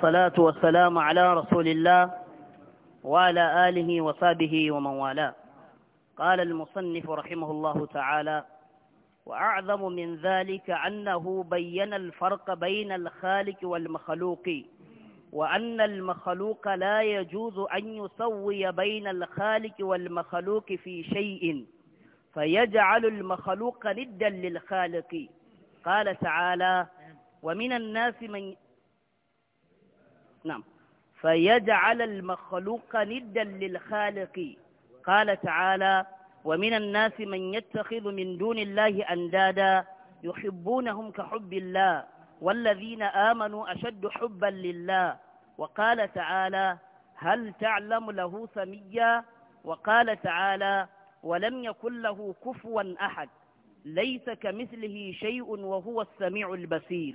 والصلاة والسلام على رسول الله وعلى آله وصحبه ومن والاه قال المصنف رحمه الله تعالى وأعظم من ذلك أنه بين الفرق بين الخالق والمخلوق وأن المخلوق لا يجوز أن يسوي بين الخالق والمخلوق في شيء فيجعل المخلوق ندا للخالق قال تعالى ومن الناس من نعم فيجعل المخلوق ندا للخالق قال تعالى ومن الناس من يتخذ من دون الله أندادا يحبونهم كحب الله والذين آمنوا أشد حبا لله وقال تعالى هل تعلم له سميا وقال تعالى ولم يكن له كفوا أحد ليس كمثله شيء وهو السميع البصير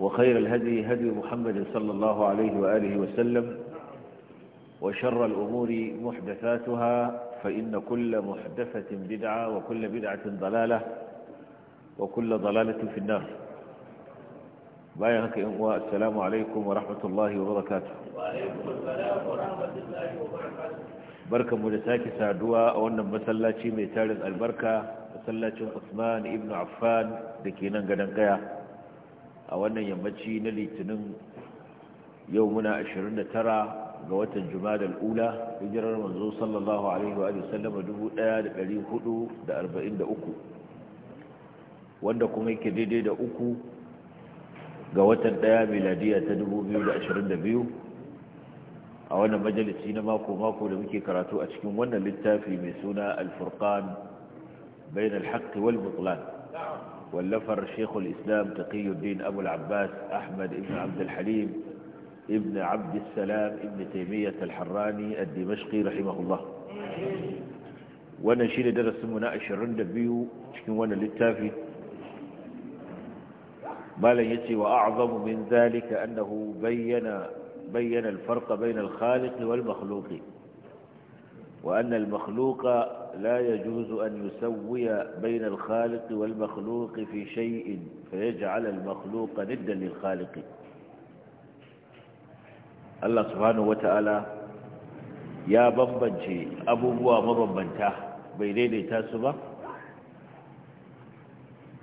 وخير الهدي هدي محمد صلى الله عليه وآله وسلم وشر الأمور محدثاتها فإن كل محدثة بدعة وكل بدعة ضلالة وكل ضلالة في النار بايعك السلام عليكم ورحمة الله وبركاته وعليكم السلام ورحمة الله وبركاته بركة مدساك سعدوا أولا مسلاتي ميتال البركة مسلاتي عثمان ابن عفان لكي قدنقيا a wannan yammaci na litinin yau muna 29 ga watan jumadal ula hijirar manzo sallallahu alaihi wa sallam 1443 wanda kuma yake daidai da uku ga watan daya miladiya ta 2022 a wannan majalisi na mako-mako da muke karatu a cikin wannan littafi mai suna alfurkan bayan alhaƙi wal واللفر شيخ الإسلام تقي الدين أبو العباس أحمد بن عبد الحليم ابن عبد السلام ابن تيمية الحراني الدمشقي رحمه الله وانا شيل درس مناقش الرند بيو شكين وانا للتافي ما لا يتي وأعظم من ذلك أنه بين, بين الفرق بين الخالق والمخلوق وأن المخلوق لا يجوز أن يسوي بين الخالق والمخلوق في شيء فيجعل المخلوق ندا للخالق الله سبحانه وتعالى يا بمبنجي أبو بوا مبنبنتا بيديني تاسبا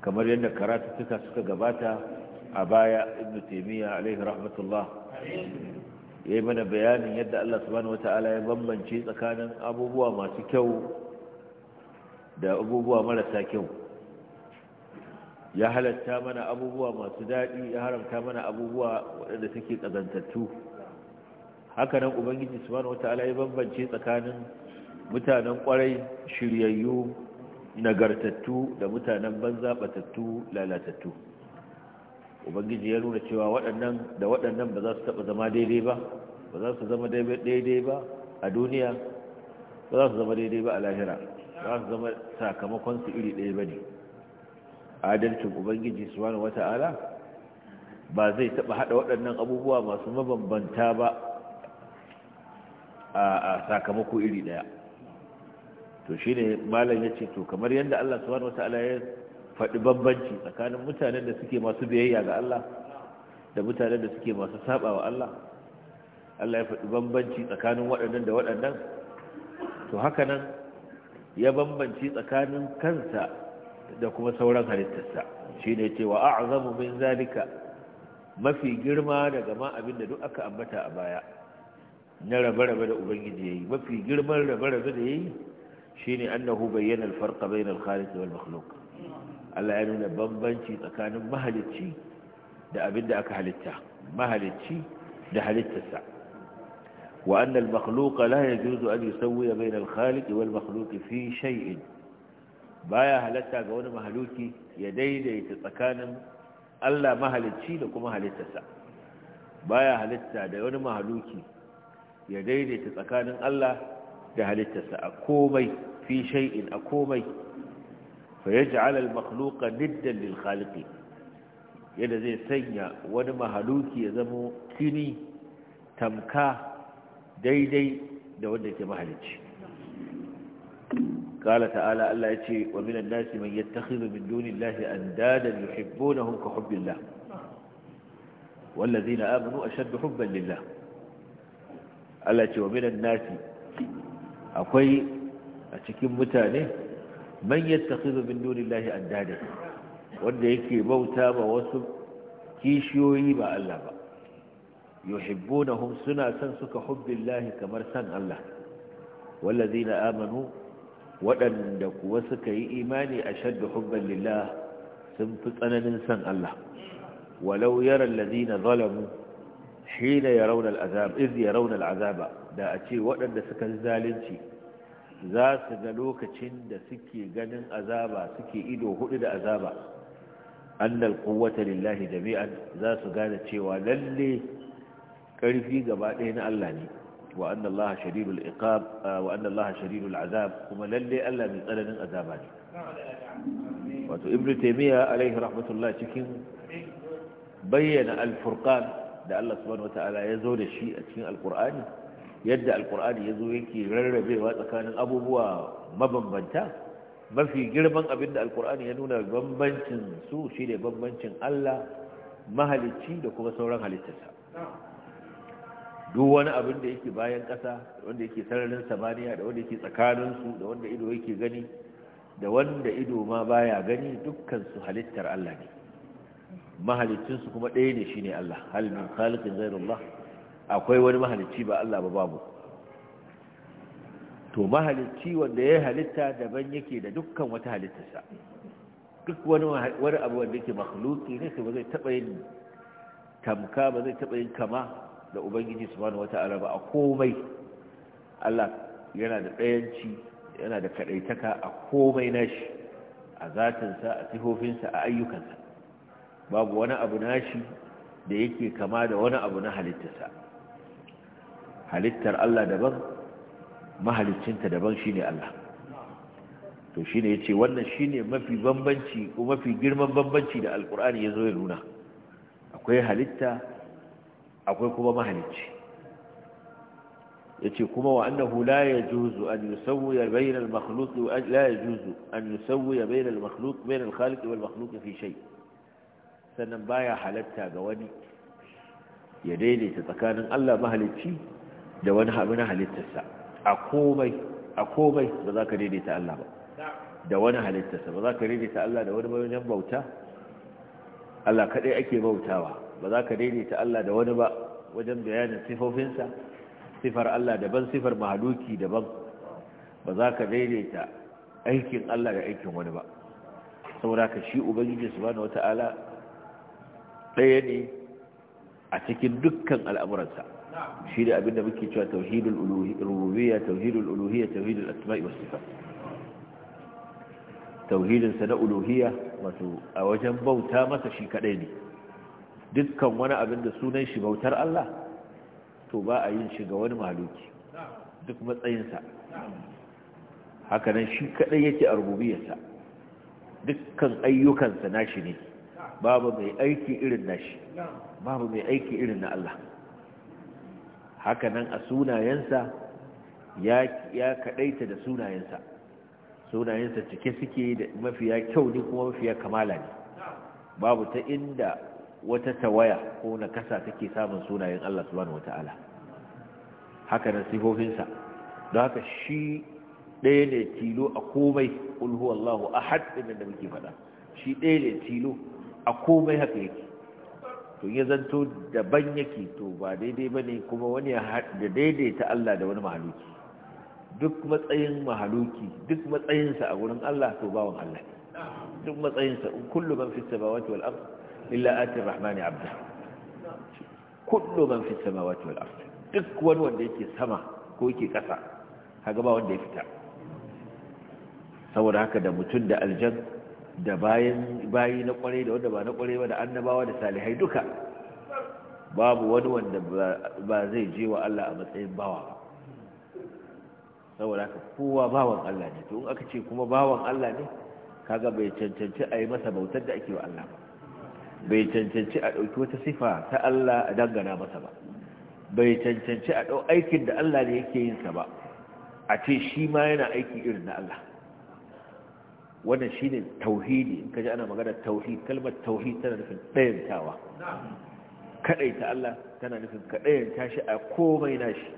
كما لأن كرات تكاسك قباتا عبايا ابن تيمية عليه رحمة الله يمن بيان يد الله سبحانه وتعالى يا بمبنجي أكان أبو بوا ما abubuwa da abubuwa marasa kyau ya halatta mana abubuwa masu daɗi ya haramta mana abubuwa waɗanda suke ƙazantattu haka nan ubangiji su mana wata ya bambance tsakanin mutanen ƙwarai shiryayyu nagartattu da mutanen banza batattu lalatattu ubangiji ya nuna cewa waɗannan da waɗannan ba za su taɓa zama daidai ba ba za su zama daidai ba a duniya ba za su zama daidai ba a lahira za su zama sakamakon su iri ɗaya ba ne. adalcin ubangiji su wata wata'ala ba zai taɓa haɗa waɗannan abubuwa masu mabambanta ba a sakamako iri ɗaya to shi ne malam ce to kamar yadda Allah subhanahu wata'ala ya faɗi bambanci tsakanin mutanen da suke masu biyayya ga Allah da mutanen da suke masu saba wa Allah Allah ya faɗi bambanci tsakanin waɗannan da waɗannan to haka nan ya bambanci tsakanin kansa da kuma sauran halittarsa shi ne cewa a a'azamu min zalika mafi girma daga ma abin da duk aka ambata a baya na rabe-rabe da ubangiji ya yi mafi girman rabe-rabe da ya yi shi ne annahu bayyanar alfarka bayan alkhalis Allah ya nuna bambanci tsakanin mahalicci da abin da aka halitta mahalicci da halittarsa وأن المخلوق لا يجوز أن يسوي بين الخالق والمخلوق في شيء بايا هلتا قونا مهلوكي يديد يتتكان ألا مهلت شيء لكم هلتا سا بايا هلتا قونا مهلوكي يديد يتتكان ألا هلتا سا أكومي في شيء أكومي فيجعل المخلوق ندا للخالق يدى زي سنة ونمهلوكي يزمو كني tamka daidai da wanda ke mahalici kala ta'ala Allah ya ce wa minan nasi man yattakhidhu min dunillahi andadan yuhibbunahum ka hubbillah wallazina amanu ashaddu hubban lillah Allah ya ce wa minan nasi akwai a cikin mutane man yattakhidhu min dunillahi andadan wanda yake bauta ba wasu kishiyoyi ba Allah ba yuhibbunahum suna san suka Lahi kamar san Allah wallazina amanu waɗanda kuwa suka yi imani ashaddu hubban lillah sun fi tsananin san Allah walau yara allazina zalamu hina yarawna al'azab da a ce waɗanda suka zalunci za su ga lokacin da suke ganin azaba suke ido hudu da azaba annal quwwata lillahi jami'an za su gane cewa lalle karfi gaba ɗaya na Allah ne wa anna Allah iqab azab kuma lalle Allah mai tsananin azaba ne wato ibnu ya alaihi rahmatullah cikin bayyana al-furqan da Allah subhanahu ta'ala ya zo da shi a cikin alkur'ani yadda alkur'ani ya zo yake rarrabewa tsakanin abubuwa mabambanta mafi girman abin da alqur'ani ya nuna bambancin su shine bambancin Allah mahalicci da kuma sauran halittarsa duk wani abin da yake bayan ƙasa da wanda yake sararin samaniya da wanda yake tsakaninsu da wanda ido yake gani da wanda ido ma baya gani dukkan su halittar Allah ne mahalicinsu kuma ɗaya ne shine Allah hal min khaliqin ghayrullah akwai wani mahalicci ba Allah ba babu to mahalicci wanda ya halitta daban yake da dukkan wata halittarsa duk wani wani abu wanda yake makhluqi ne su ba zai taba yin tamka ba zai taba yin kama da ubangiji subhanahu wata'ala ba a komai Allah yana da ɗayanci yana da kaɗaitaka a komai nashi a zatinsa a sa a ayyukansa babu wani abu nashi da yake kama da wani abu na halittarsa halittar Allah daban mahalicinta daban shine Allah to shine yace wannan shine mafi bambanci ko mafi girman bambanci da alkur'ani zo ya nuna akwai halitta akwai kuma mahalicci yace kuma wa annahu la yajuzu an yusawwiya bayna al-makhluq la yajuzu an yusawwiya bayna al-makhluq bayna al-khaliq wal makhluq fi shay sannan baya halatta ga wani ya daidaita tsakanin Allah mahalicci da wani abu na halittarsa a komai a komai ba za ka daidaita Allah ba da wani halittarsa ba za ka daidaita Allah da wani bayan bauta Allah kadai ake bautawa ba za ka daidaita Allah da wani ba wajen bayanin sifofinsa sifar Allah daban sifar mahaluki daban ba za ka daidaita aikin Allah da aikin wani ba saboda ka shi ubangiji subhanahu wata'ala ɗaya ne a cikin dukkan al'amuransa shi da abinda muke cewa tauhidul rububiyya tauhidul uluhiyya tauhidul asma'i was sifat tauhidin sa na uluhiyya wato a wajen bauta masa shi kadai ne dukkan wani abin da sunan shi bautar Allah to ba a yin shi ga wani mahaluki duk matsayinsa Haka nan shi kaɗai yake a rububiyarsa dukkan ayyukansa nashi ne babu mai aiki irin nashi babu mai aiki irin na Allah Haka nan a sunayensa ya kaɗaita da sunayensa sunayensa cike suke da mafiya kyau ne kuma mafiya kamala ne babu ta inda wata tawaya ko na kasa take samun sunayen Allah subhanahu wata'ala haka nan sifofinsa don haka shi ɗaya ne tilo a komai ulhu Wallahu ahad ɗin da muke faɗa shi ɗaya ne tilo a komai haka yake to ya zanto daban yake to ba daidai ba ne kuma wani da daidaita Allah da wani mahaluki duk matsayin mahaluki duk matsayinsa a wurin Allah to bawan Allah duk matsayinsa in kullu man fis samawati wal ardh illa ati rahmani abda kullu man fi samawati wal ardi duk wani wanda yake sama ko yake kasa kaga ba wanda ya fita saboda haka da mutum da aljan da bayan bayi na kware da wanda ba na kware ba da annabawa da salihai duka babu wani wanda ba zai je wa Allah a matsayin bawa ba saboda haka kowa bawan Allah ne to in aka ce kuma bawan Allah ne kaga bai cancanci a yi masa bautar da ake wa Allah ba bai cancanci a ɗauki wata sifa ta Allah a dangana masa ba bai cancanci a ɗau aikin da Allah ne yake yin sa ba a ce shi ma yana aiki irin na Allah wannan shi ne tauhidi in ka ji ana magana tauhid kalmar tauhid tana nufin ɗayantawa kaɗaita Allah tana nufin kaɗayanta shi a komai na shi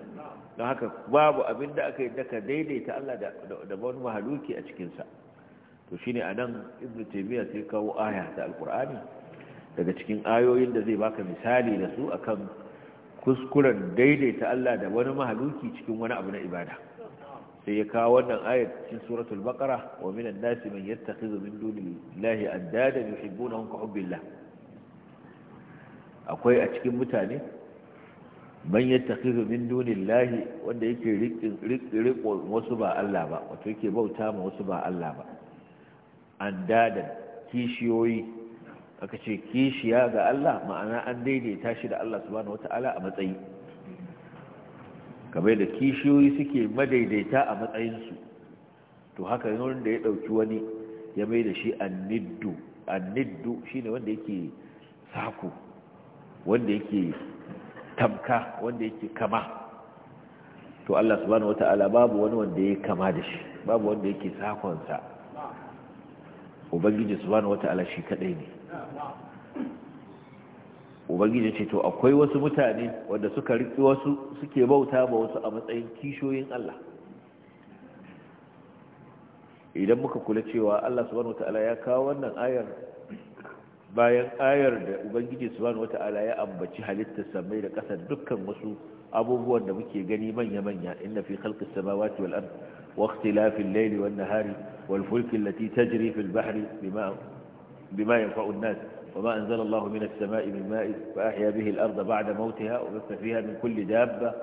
don haka babu abin da aka yi daga daidaita Allah da wani mahaluki a cikinsa to shi ne a nan ibn taimiyya sai kawo aya ta alkur'ani daga cikin ayoyin da zai baka misali da su akan kuskuren daidaita Allah da wani mahaluki cikin wani abu na ibada sai ya kawo wannan ayat cikin suratul baqara wa minan nasi man yattakhidhu min dunillahi addada yuhibbunahum ka hubbillah akwai a cikin mutane man yattakhidhu min dunillahi wanda yake riƙe wasu ba Allah ba wato yake bauta ma wasu ba Allah ba andadan kishiyoyi aka ce kishiya ga Allah ma'ana an daidaita shi da Allah subhanahu wata'ala a matsayi kamar da kishiyoyi suke madaidaita a matsayinsu to haka yin wanda ya ɗauki wani ya mai da shi anniddu anniddu shi ne wanda yake sako wanda yake tamka wanda yake kama to Allah subhanahu wata'ala babu wani wanda ya kama da shi babu wanda yake sakonsa ubangiji subhanahu wata'ala shi kadai ne ubangiji ce to akwai wasu mutane wanda suka riƙi wasu suke bauta ba wasu a matsayin kishoyin Allah idan muka kula cewa Allah subhanahu wata'ala ya kawo wannan ayar bayan ayar da ubangiji subhanahu wata'ala ya ambaci halittar samai da ƙasar dukkan wasu abubuwan da muke gani manya-manya inna fi khalqis samawati wal ard wa ikhtilafil layli wan nahari wal fulki allati tajri fil bahri bima بما ينفع الناس وما أنزل الله من السماء من ماء فأحيا به الأرض بعد موتها وبث فيها من كل دابة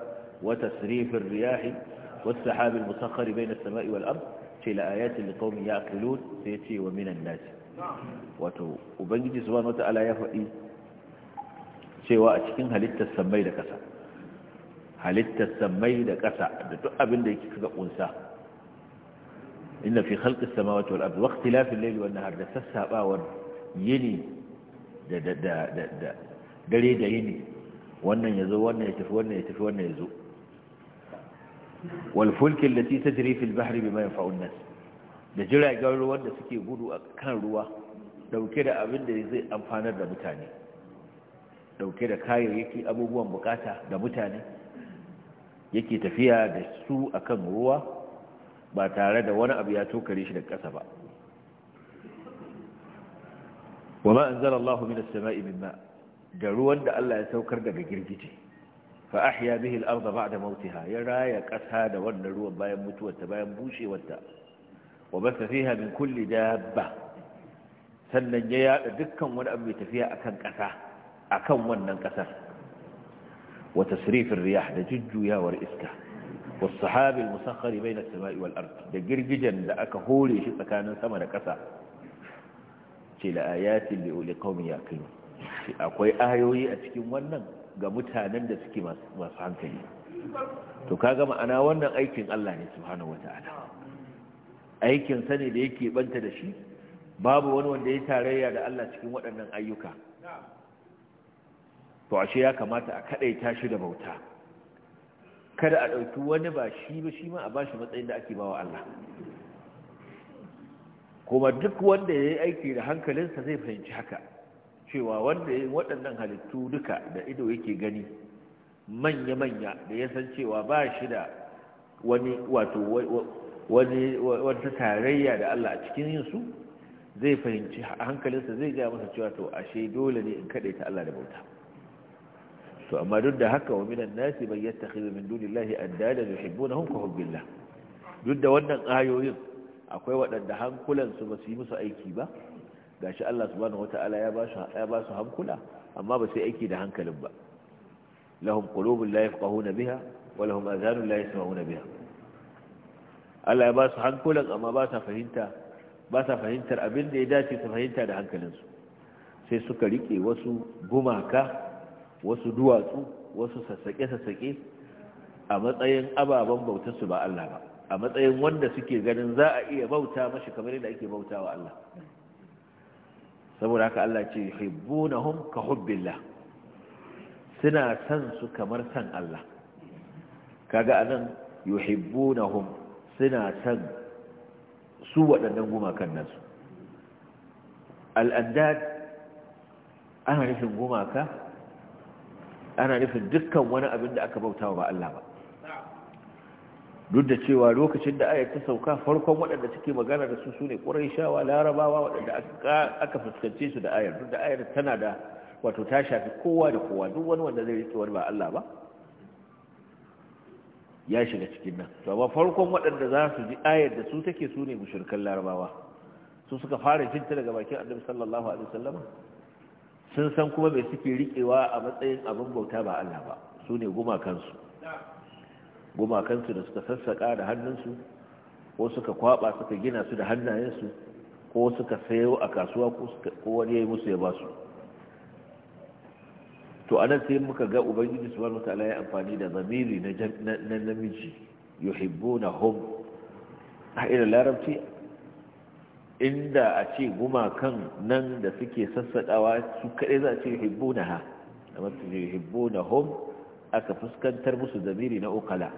وتسريف الرياح والسحاب المسخر بين السماء والأرض لآيات لقوم يعقلون سيتي ومن الناس wato ubangiji subhanahu wata'ala ya faɗi cewa a cikin halittar sammai da ƙasa halittar sammai da ƙasa da duk abin da yake kaga inna fi khalqis samawati wal ardi wa ikhtilafil layli wan nahar da sassabawar yini da da da da dare da yini wannan yazo wannan ya tafi wannan ya tafi wannan yazo wal fulki allati tajri fil bahri bima yanfa'u an-nas da jiragen ruwan da suke gudu a kan ruwa dauke da abin da zai amfanar da mutane dauke da kayayyaki abubuwan bukata da mutane yake tafiya da su akan ruwa ba tare da wani abu ya tokare shi da ƙasa ba wa ma anzala Allahu minas sama'i min ma da ruwan da Allah ya saukar daga girgije fa ahya bihi al-ardha ba'da mawtiha ya raya ƙasa da wannan ruwan bayan mutuwarta bayan bushewarta wa basa fiha min kulli dabba sannan ya yada dukkan wani abu mai tafiya akan ƙasa akan wannan ƙasar wa tasrifir riyah da jujjuyawar iska والصحاب المسخر بين السماء والأرض ده جرججا ده أكا هولي شي سكان سما ده كسا شي لآيات لقوم يقينون شي أقوي آيوي أتكين ونن ga mutanen da suke masu hankali to kaga ma'ana wannan aikin Allah ne subhanahu wata'ala aikin sa ne da yake banta da shi babu wani wanda ya yi tarayya da Allah cikin waɗannan ayyuka to ashe ya kamata a kadaita shi da bauta kada a ɗauki wani ba shi ba shi ma a ba shi matsayin da ake ba wa Allah kuma duk wanda ya yi aiki da hankalinsa zai fahimci haka cewa wanda ya yi waɗannan halittu duka da ido yake gani manya-manya da ya san cewa ba shi da wani wato wata tarayya da Allah a cikin su zai fahimci hankalinsa zai gaya masa cewa to ashe dole ne in ta Allah da bauta to amma duk da haka wa minan nasi man yattakhidhu min dunillahi andadan yuhibbunahum ka hubbillah duk da wannan ayoyin akwai waɗanda hankulansu ba su yi musu aiki ba gashi Allah subhanahu wata'ala ya ba su ya ba su hankula amma ba su aiki da hankalin ba lahum qulubun la yafqahuna biha wa lahum adhanun la yasma'una biha Allah ya ba su hankulan amma ba sa fahimta ba sa fahimtar abin da ya dace su fahimta da hankalin su. sai suka rike wasu gumaka wasu duwatsu wasu sassaƙe-sassaƙe a matsayin ababen bautarsu ba Allah ba a matsayin wanda suke ganin za a iya bauta mashi kamar yadda ake bauta wa Allah saboda haka Allah ce hibbunahum ka hubbillah suna san su kamar san Allah kaga anan yuhibbunahum suna san su waɗannan gumakan nasu al'adad ana nufin gumaka ana nufin dukkan wani abin da aka bauta wa ba Allah ba duk da cewa lokacin da ayyuka ta sauka farkon waɗanda suke magana da su su ne ƙuraishawa larabawa waɗanda aka fuskance su da ayar duk da ayar tana da wato ta shafi kowa da kowa duk wani wanda zai riƙe wani ba Allah ba ya shiga cikin nan to amma farkon waɗanda za su ji ayar da su take su ne mushrikan larabawa su suka fara jinta daga bakin annabi sallallahu alaihi wasallam sun san kuma mai suke riƙewa a matsayin abin bauta ba Allah ba su ne gumakansu gumakansu da suka sassaƙa da hannunsu ko suka kwaɓa suka gina su da hannayensu ko suka sayo a kasuwa ko wani ya yi musu ya ba su to anan sai muka ga ubangiji wani mutala ya amfani da zamiri na namiji na hum a irin larabci inda a ce gumakan nan da suke sassaɗawa su kaɗai za a ce hibbo na ha da masu hibbo na hom aka fuskantar musu zamiri na okala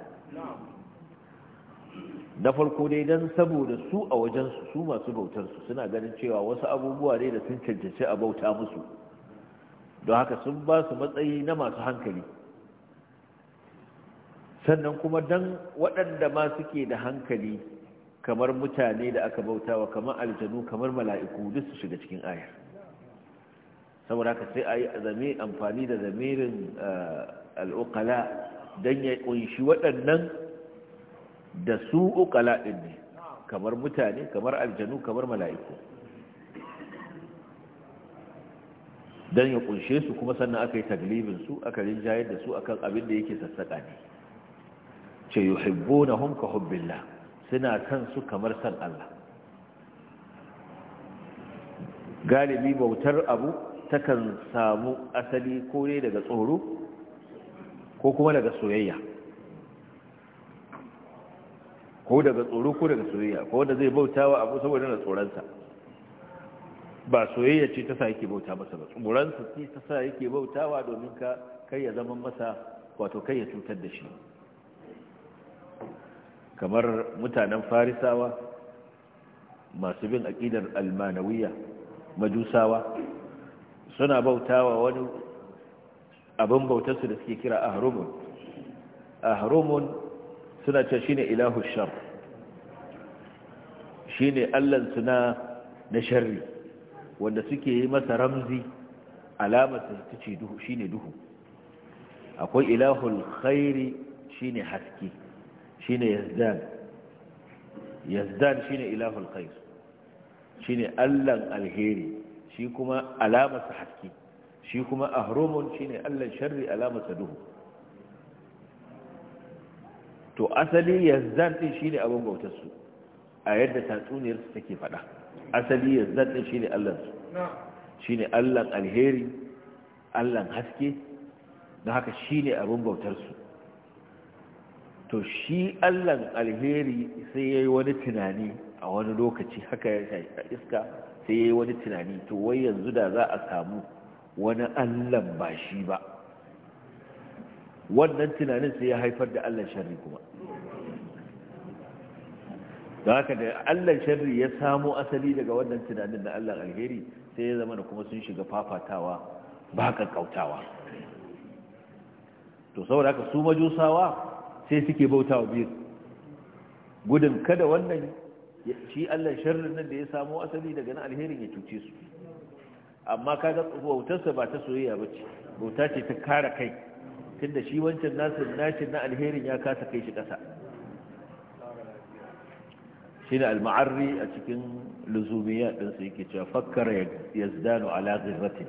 na farko dai don saboda su a wajensu su masu bautarsu suna ganin cewa wasu abubuwa ne da sun cancanci a bauta musu don haka sun ba su matsayi na masu hankali sannan kuma don waɗanda ma suke da hankali kamar mutane da aka bautawa kamar aljanu kamar mala'iku duk su shiga cikin ayar saboda haka sai ayi zame amfani da zamirin eh, al'ukala don ya kunshi waɗannan da su ukala ɗin ne kamar mutane kamar aljanu kamar mala'iku Don ya kunshe su kuma sannan aka yi taglibin su aka rinjayar da su akan abin da yake sassaƙa ne ce yuhibbunahum ka hubbillah suna kan su kamar san Allah galibi bautar abu takan samu asali ko ne daga tsoro ko kuma daga soyayya ko daga tsoro ko daga soyayya ko wanda zai bauta wa abu saboda na tsoronsa ba soyayya ce ta sa yake bauta masa ba tsoronsa ce ta sa yake bauta wa domin ka kai ya zama masa wato kai ya cutar da shi kamar mutanen farisawa masu bin aƙidar almanawiya majusawa suna bautawa wani abin bautarsu da suke kira ahrumun ahrumun suna ce shine ilahu shar shine allansu na na sharri wanda suke yi masa ramzi alamar ta ce duhu shine duhu akwai ilahul khairi shine haske shine yazdan yazdan shine ilahul khair shine allan alheri shi kuma alamarsa haske shi kuma ahrumun shine allan sharri alamarsa duhu to asali yazdan din shine abin bautar su a yadda tatsuniyar su take fada asali yazdan din shine allan su shine allan alheri allan haske don haka shine abin bautar su to shi allan alheri sai ya yi wani tunani a wani lokaci haka ya iska sai ya yi wani tunani to wai yanzu da za a samu wani allan ba shi ba wannan tunanin sai ya haifar da allan shari kuma da haka da allan sharri ya samo asali daga wannan tunanin da allan alheri sai ya zama da kuma sun shiga fafatawa ba kautawa to saboda haka su majusawa sai suke bauta wa biyu gudun kada wannan shi Allah sharrin nan da ya samo asali daga na alherin ya cuce su amma kaga bautarsa ba ta soyayya ba ce bauta ce ta kare kai tunda shi wancan nasin nashin na alherin ya kasa kai shi ƙasa shi ne al a cikin luzumiyya ɗinsu yake cewa fakkar yazdanu ala ghirratin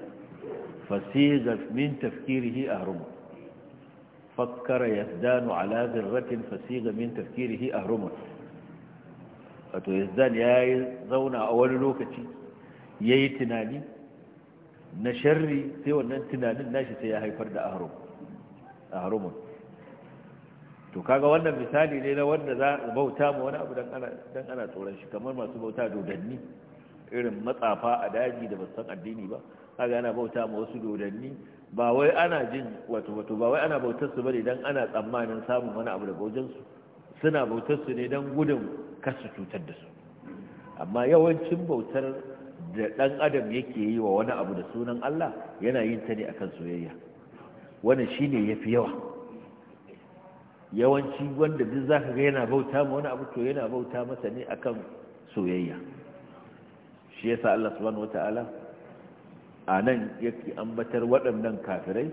fasiga min tafkirihi ahrumu fakkara yazdanu ala fasigamin fasiga min tafkirihi ahrumun wato yazdan yayi zauna a wani lokaci yayi tunani na sharri sai wannan tunanin nashi sai ya haifar da ahrum ahrumun to kaga wannan misali ne na wanda za bauta ma wani abu dan ana dan tsoron shi kamar masu bauta dodanni irin matsafa a daji da san addini ba kaga ana bauta ma wasu dodanni ba wai ana jin wato wato ba wai ana bautar su bane dan ana tsammanin samun wani abu daga wajen su suna bautar su ne dan gudun kasu cutar da su amma yawancin bautar da dan adam yake yi wa wani abu da sunan Allah yana yin ta ne akan soyayya wannan shine yafi yawa yawanci wanda duk zaka ga yana bauta ma wani abu to yana bauta masa ne akan soyayya shi yasa Allah subhanahu wataala a nan yake ambatar waɗannan kafirai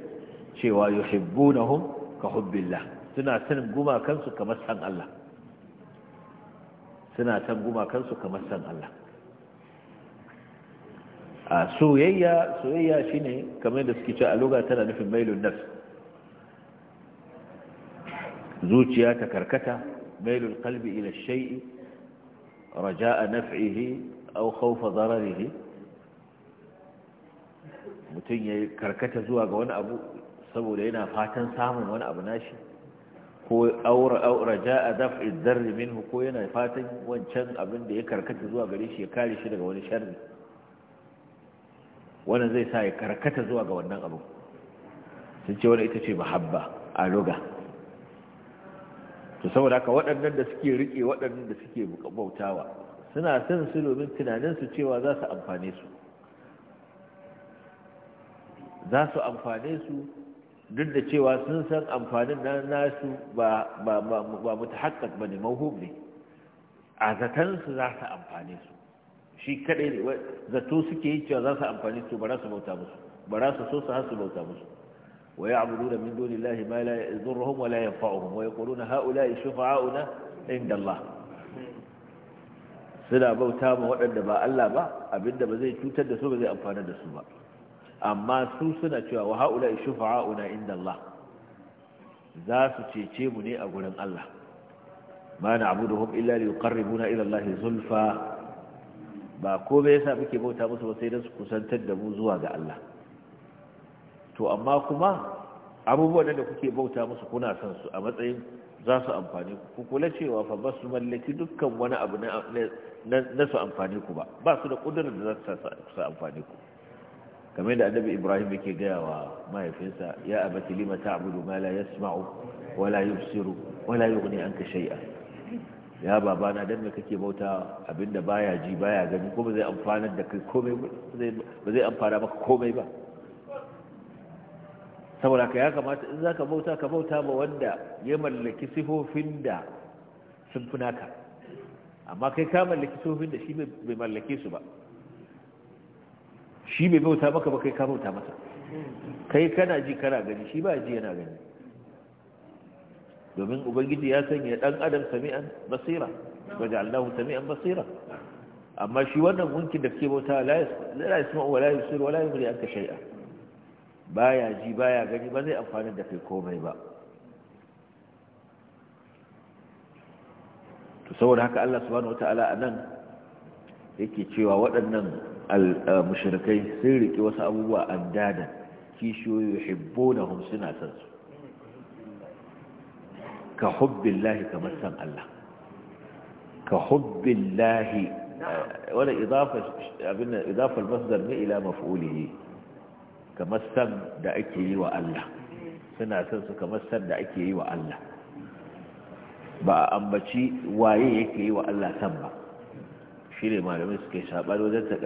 cewa yuhibbunahum ka hubbillah suna san gumakansu kamar san Allah suna san gumakansu kamar san Allah a soyayya soyayya shine kamar da suke ce a loga tana nufin mailun nafs zuciya ta karkata mailul qalbi ila shay'i raja'a naf'ihi aw khawfa dararihi mutum ya karkata zuwa ga wani abu saboda yana fatan samun wani abu nashi ko aura ja a dafi zarri minhu ko yana fatan wancan abin da ya karkata zuwa gare shi ya kare shi daga wani sharri wannan zai sa ya karkata zuwa ga wannan abu sun ce wani ita ce mahabba a loga to saboda haka waɗannan da suke riƙe waɗannan da suke bautawa suna son su domin tunaninsu cewa za su amfane su za su amfane su duk da cewa sun san amfanin na nasu ba mutu haƙƙa ba ne mahum ne a zatansu za su amfane su shi kaɗai ne zato suke yi cewa za su amfane su ba za su bauta musu ba za su so su har bauta musu wa ya abu da min doni lahi ma la yadurruhum wa la yanfa'uhum wa yaquluna haula'i shufa'auna inda Allah suna bauta ma waɗanda ba Allah ba abinda ba zai cutar da su ba zai amfana da su ba amma su suna cewa wa haula shufa'auna inda Allah za su cece mu ne a gurin Allah ma abuduhum illa liqarribuna ila Allah zulfa ba ko me yasa muke bauta musu ba sai dan su kusantar da mu zuwa ga Allah to amma kuma abubuwan da kuke bauta musu kuna son su a matsayin za su amfani ku kula cewa fa basu mallaki dukkan wani abu na su amfane ku ba ba su da kudurin da za su amfane ku kamar da annabi ibrahim yake gaya wa mahaifinsa ya abati lima ta'budu ma la yasma'u wa la yubsiru wa la yughni anka shay'a ya babana dan me kake bauta abinda baya ji baya gani ko ba zai amfana da kai komai ba zai amfana maka komai ba saboda ka ya kamata in zaka bauta ka bauta ma wanda ya mallaki sifofin da sun fi naka amma kai ka mallaki sifofin da shi bai mallake su ba shi bai bauta maka ba kai ka bauta masa kai kana ji kana gani shi ba ji yana gani domin ubangiji ya sanya dan adam sami'an basira waje allahu sami'an basira amma shi wannan gunkin da ke bauta la yasma'u wa la yusir wa la yumri anka shay'a baya ji baya gani ba zai amfana da kai komai ba to saboda haka Allah subhanahu wataala anan yake cewa waɗannan mushrikai sun riƙe wasu abubuwa andada kishiyoyi yuhibbunahum suna san su ka hubbin hubbillahi kamar san Allah ka hubbin lahi. idafa abinda idafa al-masdar ne ila maf'ulihi kamar san da ake yi wa Allah suna san su kamar san da ake yi wa Allah ba a ambaci waye yake yi wa Allah san ba shi ne malamai suke shaɓar wajen sa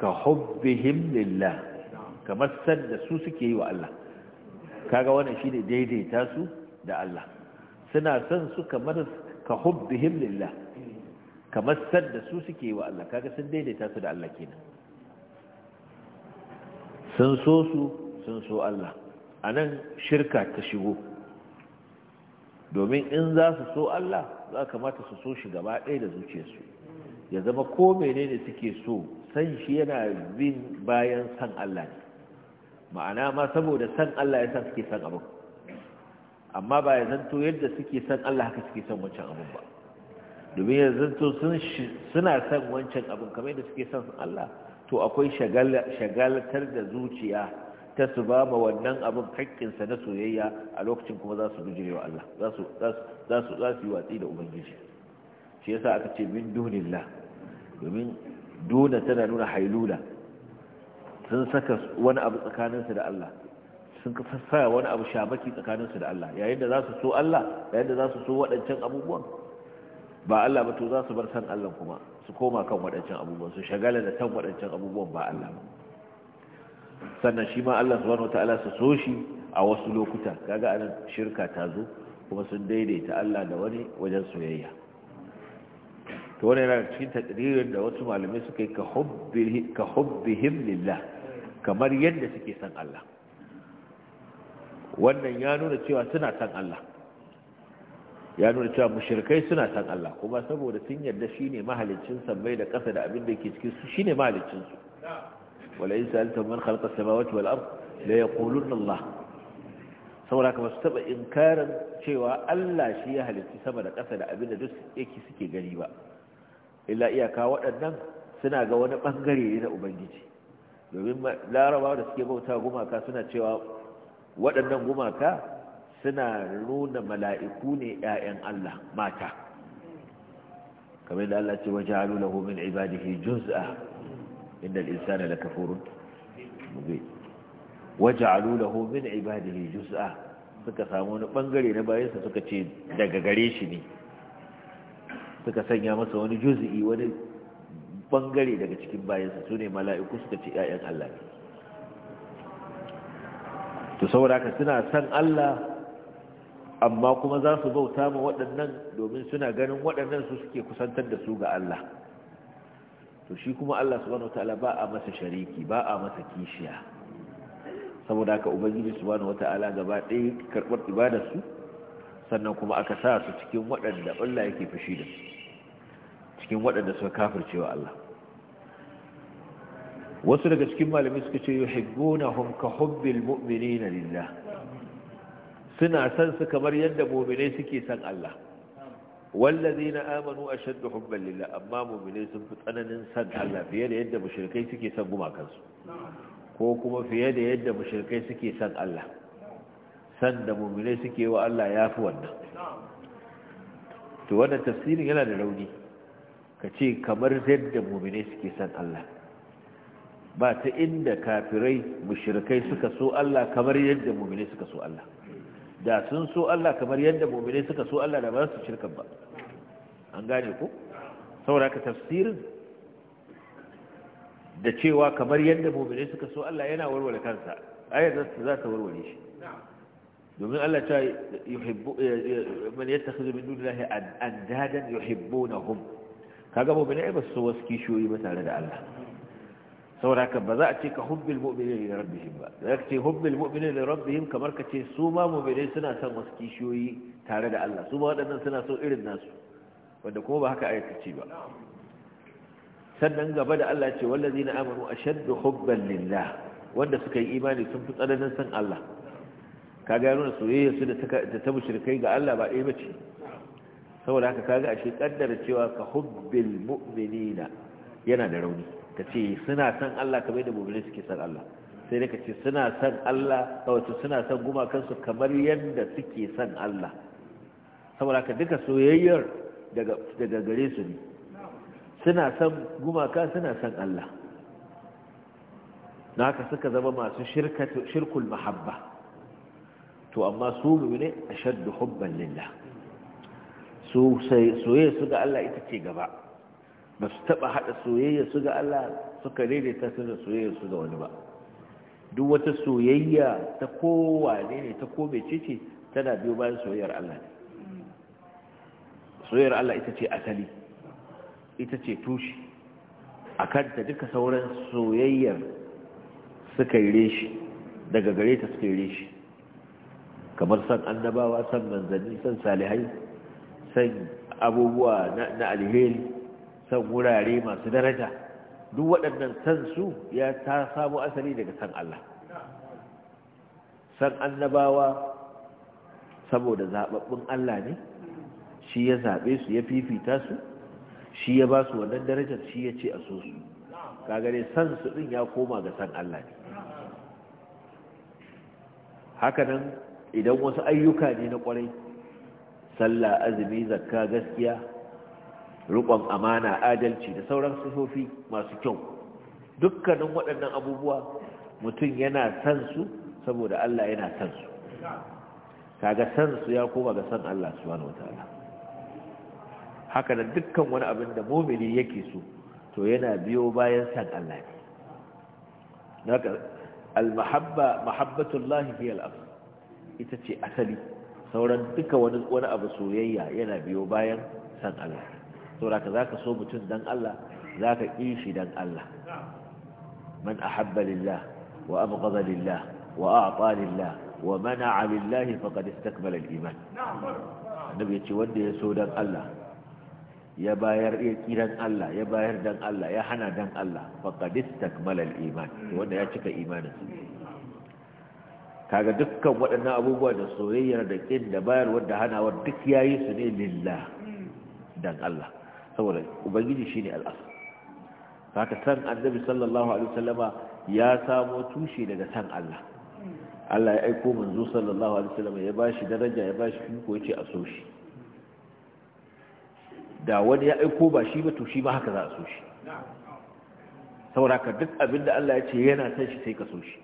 ka hubbihim lillah kamar sanda su suke yi wa Allah kaga wannan shi ne daidaita su da Allah suna son su kamar ka hubbihim lillah kamar sanda su suke yi wa Allah kaga sun daidaita su da Allah kenan sun so su sun so Allah a nan shirka ta shigo domin in za su so Allah za kamata su so shi gaba ɗaya da zuciyarsu ya zama ko mene ne suke so san shi yana bin bayan san Allah ne ma'ana ma saboda san Allah ya san suke san abin amma ba ya zanto yadda suke san Allah haka suke san wancan abin ba domin ya zanto suna san wancan abin kamar yadda suke san Allah to akwai shagaltar da zuciya ta su ba ma wannan abin haƙƙinsa na soyayya a lokacin kuma za su gujirewa Allah za su yi watsi da Ubangiji shi yasa aka ce min dunillah domin duna tana nuna hailula sun saka wani abu tsakaninsu da Allah sun sa wani abu shamaki tsakaninsu da Allah yayin da za su so Allah yayin da za su so waɗancan abubuwan ba Allah ba to za su bar san Allah kuma su koma kan waɗancan abubuwan su shagala da san waɗancan abubuwan ba Allah ba sannan shi ma Allah subhanahu wataala su so shi a wasu lokuta kaga anan shirka ta zo kuma sun daidaita Allah da wani wajen soyayya Ta wani yana cikin tadririn da wasu malamai suka yi ka hubbihim lillah kamar yadda suke san Allah wannan ya nuna cewa suna san Allah ya nuna cewa mushrikai suna san Allah kuma saboda sun yarda shine mahaliccin sammai da ƙasa da abin da ke cikin su shine mahaliccin su wala in sa'altum man khalaqa as-samawati wal ard ya yaquluna Allah saboda kuma su taba inkarin cewa Allah shi ya halitta sama da ƙasa da abin da duk yake suke gani ba illa iyaka waɗannan suna ga wani ɓangare ne na ubangiji domin larabawa da suke bauta gumaka suna cewa waɗannan gumaka suna nuna mala'iku ne ‘ya'yan Allah mata kamar da Allah ce waje halu lahu min ibadihi juz'a inda al'insana da kafurun waje halu lahu min ibadihi juz'a suka samu wani ɓangare na bayansa suka ce daga gare shi ne suka sanya masa wani juzi'i wani bangare daga cikin bayansa su ne mala'iku suka ce ‘ya'yan Allah ne to saboda haka suna san Allah amma kuma za su bauta ma waɗannan domin suna ganin waɗannan su suke kusantar da su ga Allah to shi kuma Allah subhanahu wataala ba a masa shariki ba a masa kishiya saboda haka ubangiji subhanahu wataala gaba ɗaya karɓar su. sannan kuma aka sa su cikin waɗanda Allah yake fushi da su cikin waɗanda suka kafircewa Allah wasu daga cikin malami suka ce yuhibbunahum ka hubbil mu'minina lillah suna san su kamar yadda mu'minai suke san Allah wallazina amanu ashaddu hubban lillah amma mu'minai sun fi tsananin san Allah fiye da yadda mushrikai suke san gumakansu ko kuma fiye da yadda mushrikai suke san Allah Sanda da mummune suke wa Allah ya fi wannan to wannan tafsirin yana da rauni ka ce kamar yadda mummune suke san Allah ba ta inda kafirai mushrikai suka so Allah kamar yadda mummune suka so Allah da sun so Allah kamar yadda mummune suka so Allah da ba su shirka ba an gane ku saboda ka tafsirin da cewa kamar yadda mummune suka so Allah yana warware kansa ayar za ta warware shi domin Allah ta yuhibbu eh, eh, man yattakhidhu min dunillahi andadan yuhibbunahum kaga mu bane ba su waski shoyi ba tare da Allah saboda haka ba za a ce ka hubbil mu'minin li rabbihim ba za ka ce hubbil mu'minin li rabbihim kamar ka ce su ma mu'minai suna son wasu kishiyoyi tare da Allah su ma waɗannan suna so irin nasu wanda kuma ba haka ayata ce ba sannan gaba da Allah ce wallazina amanu ashaddu hubban lillah wanda suka yi imani sun fi tsananin san Allah ka ga nuna soyayya su da ta mushrikai ga Allah ba ɗaya bace saboda haka kaga ashe kaddara cewa ka hubbil mu'minina yana da rauni ka ce suna san Allah kamar da mu'mini suke san Allah sai dai ce suna san Allah wato suna san gumakansu kamar yadda suke san Allah saboda haka duka soyayyar daga daga gare su ne suna san gumaka suna san Allah na haka suka zama masu shirkul mahabba to amma su mu'mine ashaddu hubban lillah su soyayya su ga Allah ita ce gaba ba su taba hada soyayya su ga Allah suka daidaita su da soyayya su ga wani ba duk wata soyayya ta kowane ne ta ko mecece tana biyo bayan soyayyar Allah ne soyayyar Allah ita ce asali ita ce tushe a ta duka sauran soyayyar suka yi reshi daga gare ta suka yi reshi kamar san annabawa san manzanni san salihai san abubuwa na alheri san wurare masu daraja duk waɗannan san su ya ta samu asali daga san Allah san annabawa saboda zaɓaɓɓun Allah ne shi ya zaɓe su ya fifita su shi ya ba su wannan darajar shi ya ce a so su kagare san su ɗin ya koma ga san Allah ne hakanan idan wasu ayyuka ne na kwarai sallah azumi zakka gaskiya riƙon amana adalci da sauran sifofi masu kyau dukkanin waɗannan abubuwa mutum yana san su saboda Allah yana san su kaga san su ya koma ga san Allah subhanahu wataala haka da dukkan wani abin da mumini yake so to yana biyo bayan san Allah ne al mahabba mahabbatullahi fi al-afdal ita ce asali sauran duka wani wani abu soyayya yana biyo bayan san Allah saboda zaka so mutum dan Allah zaka ki dan Allah man ahabba lillah wa abghadha lillah wa a'ta lillah wa mana'a lillah faqad istakmala al-iman annabi yace wanda ya so dan Allah ya bayar ya kiran Allah ya bayar dan Allah ya hana dan Allah faqad istakmala al-iman wanda ya cika imanin kaga dukkan waɗannan abubuwa da soyayyar da ƙin da bayarwar da hanawar duk yayi su ne lillah don Allah saboda ubangiji shine al'asr haka san annabi sallallahu alaihi wasallama ya samo tushe daga san Allah Allah ya aiko manzo sallallahu alaihi wasallama ya bashi daraja ya bashi fiko yace a so shi da wani ya aiko ba shi ba to shi ba haka za a so shi saboda duk abinda Allah ya ce yana san shi sai ka so shi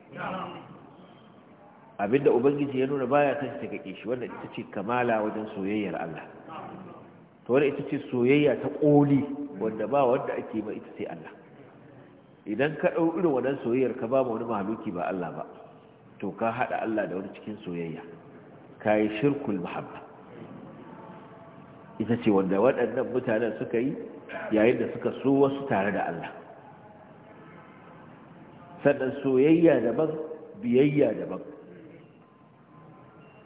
abinda ubangiji ya nuna baya ta ta gake shi wannan ita ce kamala wajen soyayyar Allah to wannan ita ce soyayya ta koli wanda ba wanda ake ba ita ce Allah idan ka dau irin wannan soyayyar ka ba wani mahaluki ba Allah ba to ka hada Allah da wani cikin soyayya kai shirkul muhabba ita ce wanda waɗannan mutanen suka yi yayin da suka so wasu tare da Allah sannan soyayya daban biyayya daban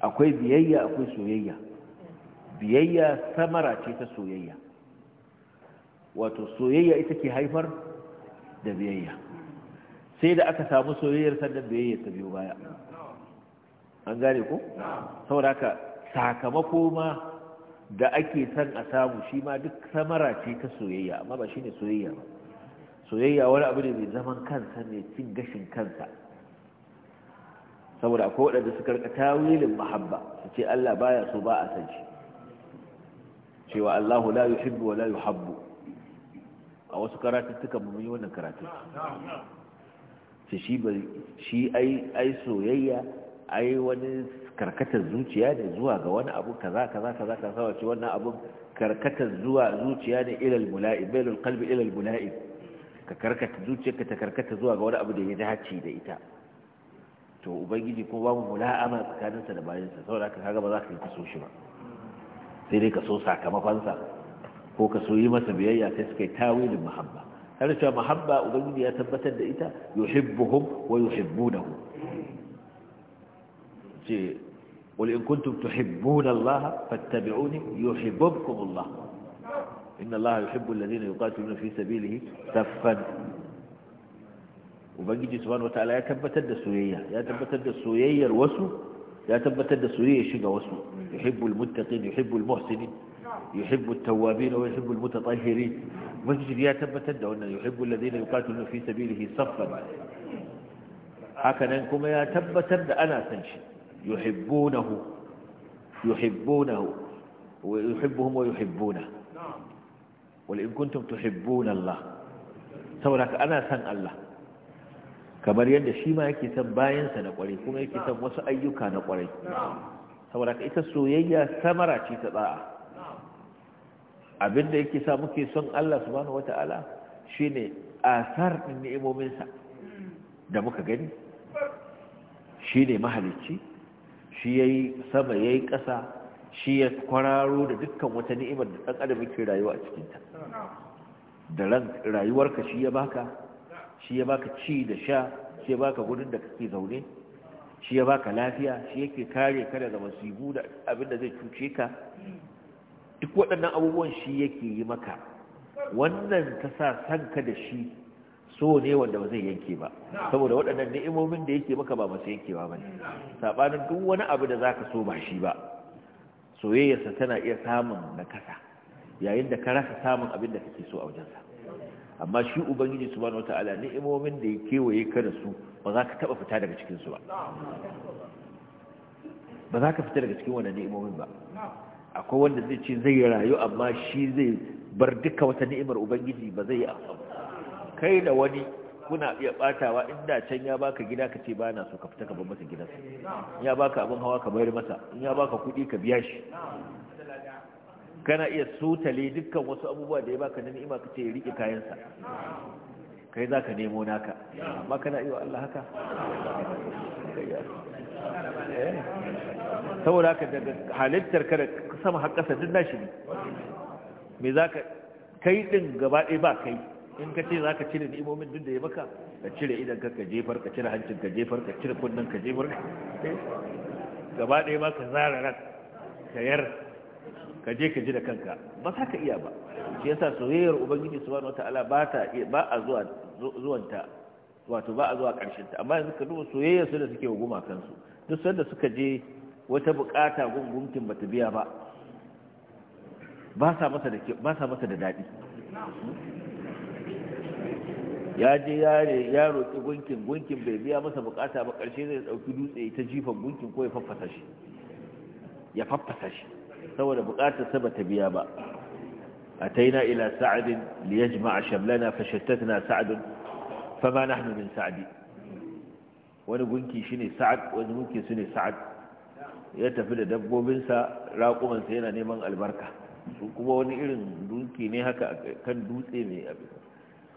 akwai biyayya akwai soyayya biyayya samara ce ta soyayya wato soyayya ita ke haifar da biyayya sai da aka samu soyayyar sannan biyayya ta biyo baya an gane ko saboda haka sakamako ma da ake san a samu shi ma duk samara ce ta soyayya amma ba shine soyayya ba soyayya wani abu ne mai zaman kansa ne cin gashin kansa saboda akwai waɗanda suka rika tawilin mahabba su ce Allah baya so ba a san shi cewa Allahu la yuhibbu wa la yuhabbu a wasu karatuttuka mun yi wannan karatu ce shi shi ai ai soyayya ai wani karkatar zuciya ne zuwa ga wani abu kaza kaza kaza sawa ce wannan abun karkatar zuwa zuciya ne ilal mula'ib bailul qalbi ilal mula'ib ka karkata zuciyarka ta karkata zuwa ga wani abu da ya dace da ita to ubangiji ko babu mula'ama tsakaninsa da bayansa saboda haka kaga ba za ka yi kaso shi ba sai dai kaso sakamakonsa ko kaso yi masa biyayya sai suka yi tawilin muhabba har cewa muhabba ubangiji ya tabbatar da ita yuhibbuhum wa yuhibbunahu ce qul in kuntum tuhibbuna Allah fattabi'uni yuhibbukum Allah inna Allah yuhibbu alladhina yuqatiluna fi sabilihi saffan ubangiji subhanahu wataala ya tabbatar da soyayya ya tabbatar da soyayyar wasu ya tabbatar da soyayya shiga wasu yuhibbul muttaqin yuhibbul muhsinin yuhibbul tawwabin wa yuhibbul mutatahhirin ubangiji ya tabbatar da wannan yuhibbul ladina yuqatiluna fi sabilihi saffan haka nan kuma ya tabbatar da ana san shi yuhibbunahu yuhibbunahu wa yuhibbuhum wa yuhibbuna wal in kuntum tuhibbuna Allah saboda ana san Allah kamar yadda shi ma yake son bayansa na kwarai kuma yake san wasu ayyuka na kwarai saboda ka ita soyayya samara ce ta tsa'a abinda yake sa muke son Allah subhanahu wata'ala shine asar din ni'imominsa da muka gani shine mahalicci shi yayi sama yayi ƙasa shi ya kwararo da dukkan wata ni'imar da ɗan adam yake rayuwa a cikinta da ran rayuwarka shi ya baka shi ya baka ci da sha shi ya baka gudun da kake zaune shi ya baka lafiya shi yake kare ka daga masibu da abin da zai cuce ka duk waɗannan abubuwan shi yake yi maka wannan ta sa ka da shi so ne wanda ba zai yanke ba saboda waɗannan ni'imomin da yake maka ba masu yankewa ba ne saɓanin duk wani abu da za ka so ba shi ba soyayyarsa tana iya samun nakasa yayin da ka rasa samun abin da kake so a wajensa amma shi ubangiji subhanahu wataala ni'imomin da ya kewaye ka da su ba za ka taba fita daga cikin su ba ba za ka fita daga cikin wannan ni'imomin ba akwai wanda zai ce zai rayu amma shi zai bar duka wata ni'imar ubangiji ba zai yi kai da wani kuna iya batawa inda can ya baka gida ka ce bana so ka fita ka bar masa gidansa ya baka abin hawa ka bayar masa in ya baka kuɗi ka biya shi kana iya sutale dukkan wasu abubuwa da ya baka na ni'ima kace ya rike kayansa kai za ka nemo naka amma kana iya Allah haka eh. saboda haka daga halittar kada sama har ƙasa duk nashi ne me za ka kai ɗin gaba ɗaya ba kai in ka ce za ka cire ni'imomin duk da ya maka ka cire idan ka ka jefar ka cire hancin ka jefar ka cire kunnen ka jefar eh. gaba ɗaya ba ka zara ran ka yar ka je ka ji da kanka ba za ka iya ba shi yasa soyayyar ubangiji subhanahu wataala ba ta ba a zuwa zuwanta wato ba a zuwa karshen ta amma yanzu ka duba soyayyar su da suke wa kansu duk sanda suka je wata bukata gungumtin bata biya ba ba sa masa da ba sa masa da dadi ya je yare ya roƙi gunkin gunkin bai biya masa bukata ba ƙarshe zai ɗauki dutse ta jifan gunkin ko ya faffasa shi ya faffasa shi saboda bukatar sa bata biya ba ataina ila sa'd li yajma'a shamlana fashattatna sa'd fama nahnu min sa'di wani gunki shine sa'd wani gunki shine sa'd ya tafi da dabbobinsa raƙumansa yana neman albarka su kuma wani irin dunki ne haka kan dutse mai abin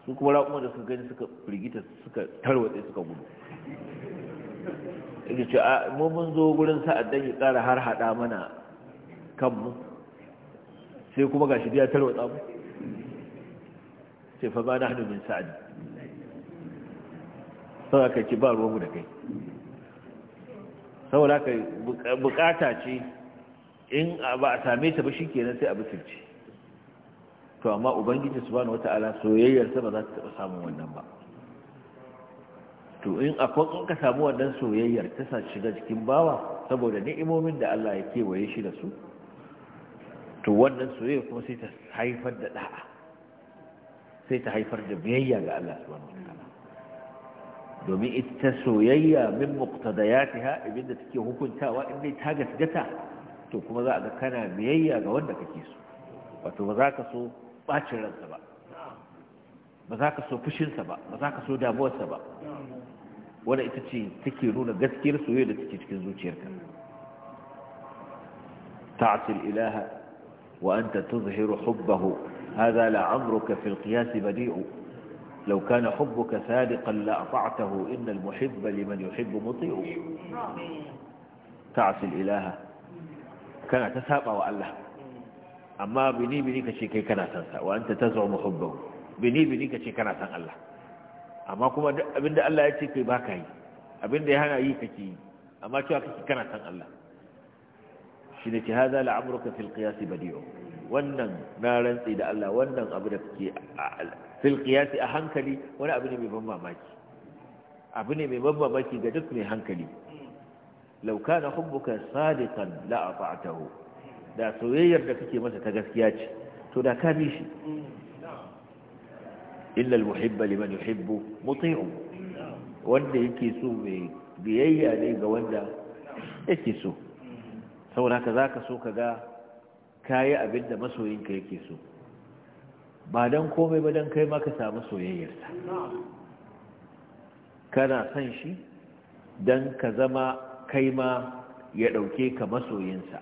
su kuma raƙuma da suka gani suka firgita suka tarwatse suka gudu ita ce a mun zo gurin sa'ad dan ya tsara har hada mana kanmu sai kuma gashi ya tarwatsa mu sai fa ba na hannu sa'adi sau aka ce ba ruwanmu da kai saboda ka bukata ce in ba a same ta ba shi kenan sai a bisirce to amma ubangiji wata wata'ala soyayyarsa ba za ta taɓa samun wannan ba to in akwai ka samu wannan soyayyar ta sa shiga jikin bawa saboda ni'imomin da Allah ya kewaye shi da su to wannan soyayya kuma sai ta haifar da da'a sai ta haifar da biyayya ga Allah subhanahu wataala domin ita soyayya min muqtadayatiha abinda take hukuntawa in dai ta gasgata to kuma za a ga kana biyayya ga wanda kake so wato ba za ka so bacin ransa ba ba za ka so fushinsa ba ba za ka so damuwarsa ba wadda ita ce take nuna gaskiyar soyayya da take cikin zuciyarka ta'asil ilaha وأنت تظهر حبه هذا لعمرك في القياس بديع لو كان حبك صادقا لأطعته إن المحب لمن يحب مطيع تعصي الإله كان تسابع وأله أما بني بني كشي كان تنسى وأنت تزعم حبه بني بني كشي كان تنسى الله amma kuma abinda Allah ya ce kai ba ka yi abinda ya hana yi kake shi ne ce haza la'amurka fil qiyasi badi'u wannan na rantsi da Allah wannan abu da kake fil qiyasi a hankali wani abu ne mai ban mamaki abu ne mai ban mamaki ga duk mai hankali law kana hubbuka sadiqan la da soyayyar da kake masa ta gaskiya ce to da ka bi shi illa muhibba liman yuhibbu muti'u wanda yake so mai biyayya ne ga wanda yake so saboda haka za ka so ka ga kayi abin da masoyinka yake so ba don komai ba don kai maka samu soyayyarsa kana son shi don ka zama kai ma ya ɗauke ka masoyinsa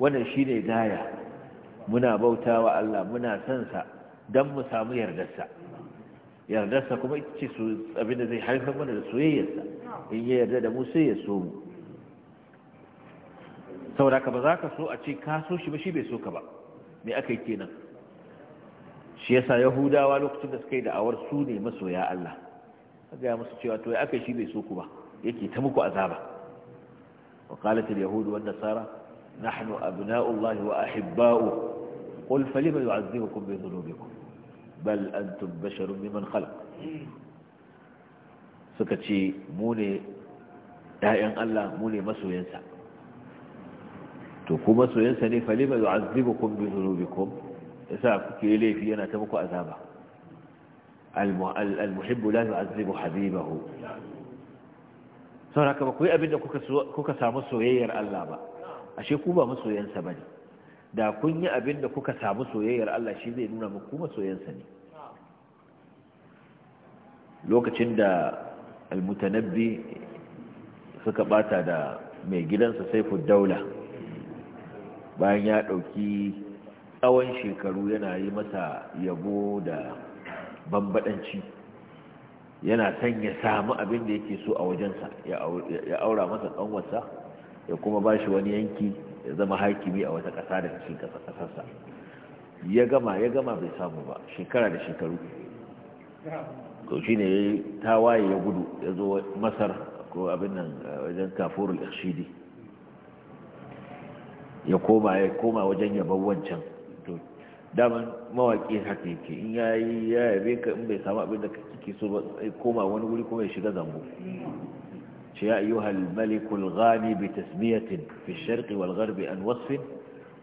wannan shi ne gaya muna bauta wa Allah muna sansa don mu samu yardarsa yardarsa kuma ita ce abin da zai haifar mana da soyayyarsa in yi yarda da mu sai ya so mu saboda ka ba za ka so a ce ka so shi ba shi bai so ka ba me aka yi kenan shi yasa yahudawa lokacin da suka yi da'awar su ne masoya Allah a gaya musu cewa to ya aka shi bai so ku ba yake ta muku azaba wa qalat al wa nasara nahnu abna'u wa ahibba'u qul falima yu'azzibukum bi dhunubikum bal antum basharun mimman khalaq suka ce mu ne ‘ya'yan Allah mu ne masoyansa to kuma soyayya ne falima yu'azzibukum bi dhunubikum yasa kuke laifi yana ta muku azaba al-muhibbu la yu'azzibu habibahu saboda haka ba ku yi abinda kuka samu soyayyar Allah ba ashe ku ba masoyansa bane da kun yi abinda kuka samu soyayyar Allah shi zai nuna muku masoyansa ne lokacin da al-mutanabbi suka bata da mai gidansa sai saifu daula bayan ya ɗauki tsawon shekaru yana yi masa yabo da bambadanci yana son ya samu abin da yake so a wajensa ya aura masa ƙanwarsa ya kuma ba shi wani yanki ya zama hakimi a wata ƙasa da cikin ƙasarsa ya gama ya gama bai samu ba shekara da shekaru to shi ne ta waye ya gudu ya zo masar ko abin nan wajen kafurul ikshidi ya koma ya koma wajen yabon wancan to daman mawaki haka yake in yayi ya yabe ka in bai samu abin da kake so ba sai koma wani guri kuma ya shiga zambo ce ya ayyuha al-malik al-ghani bi tasmiyatin fi al-sharq wal-gharb an wasf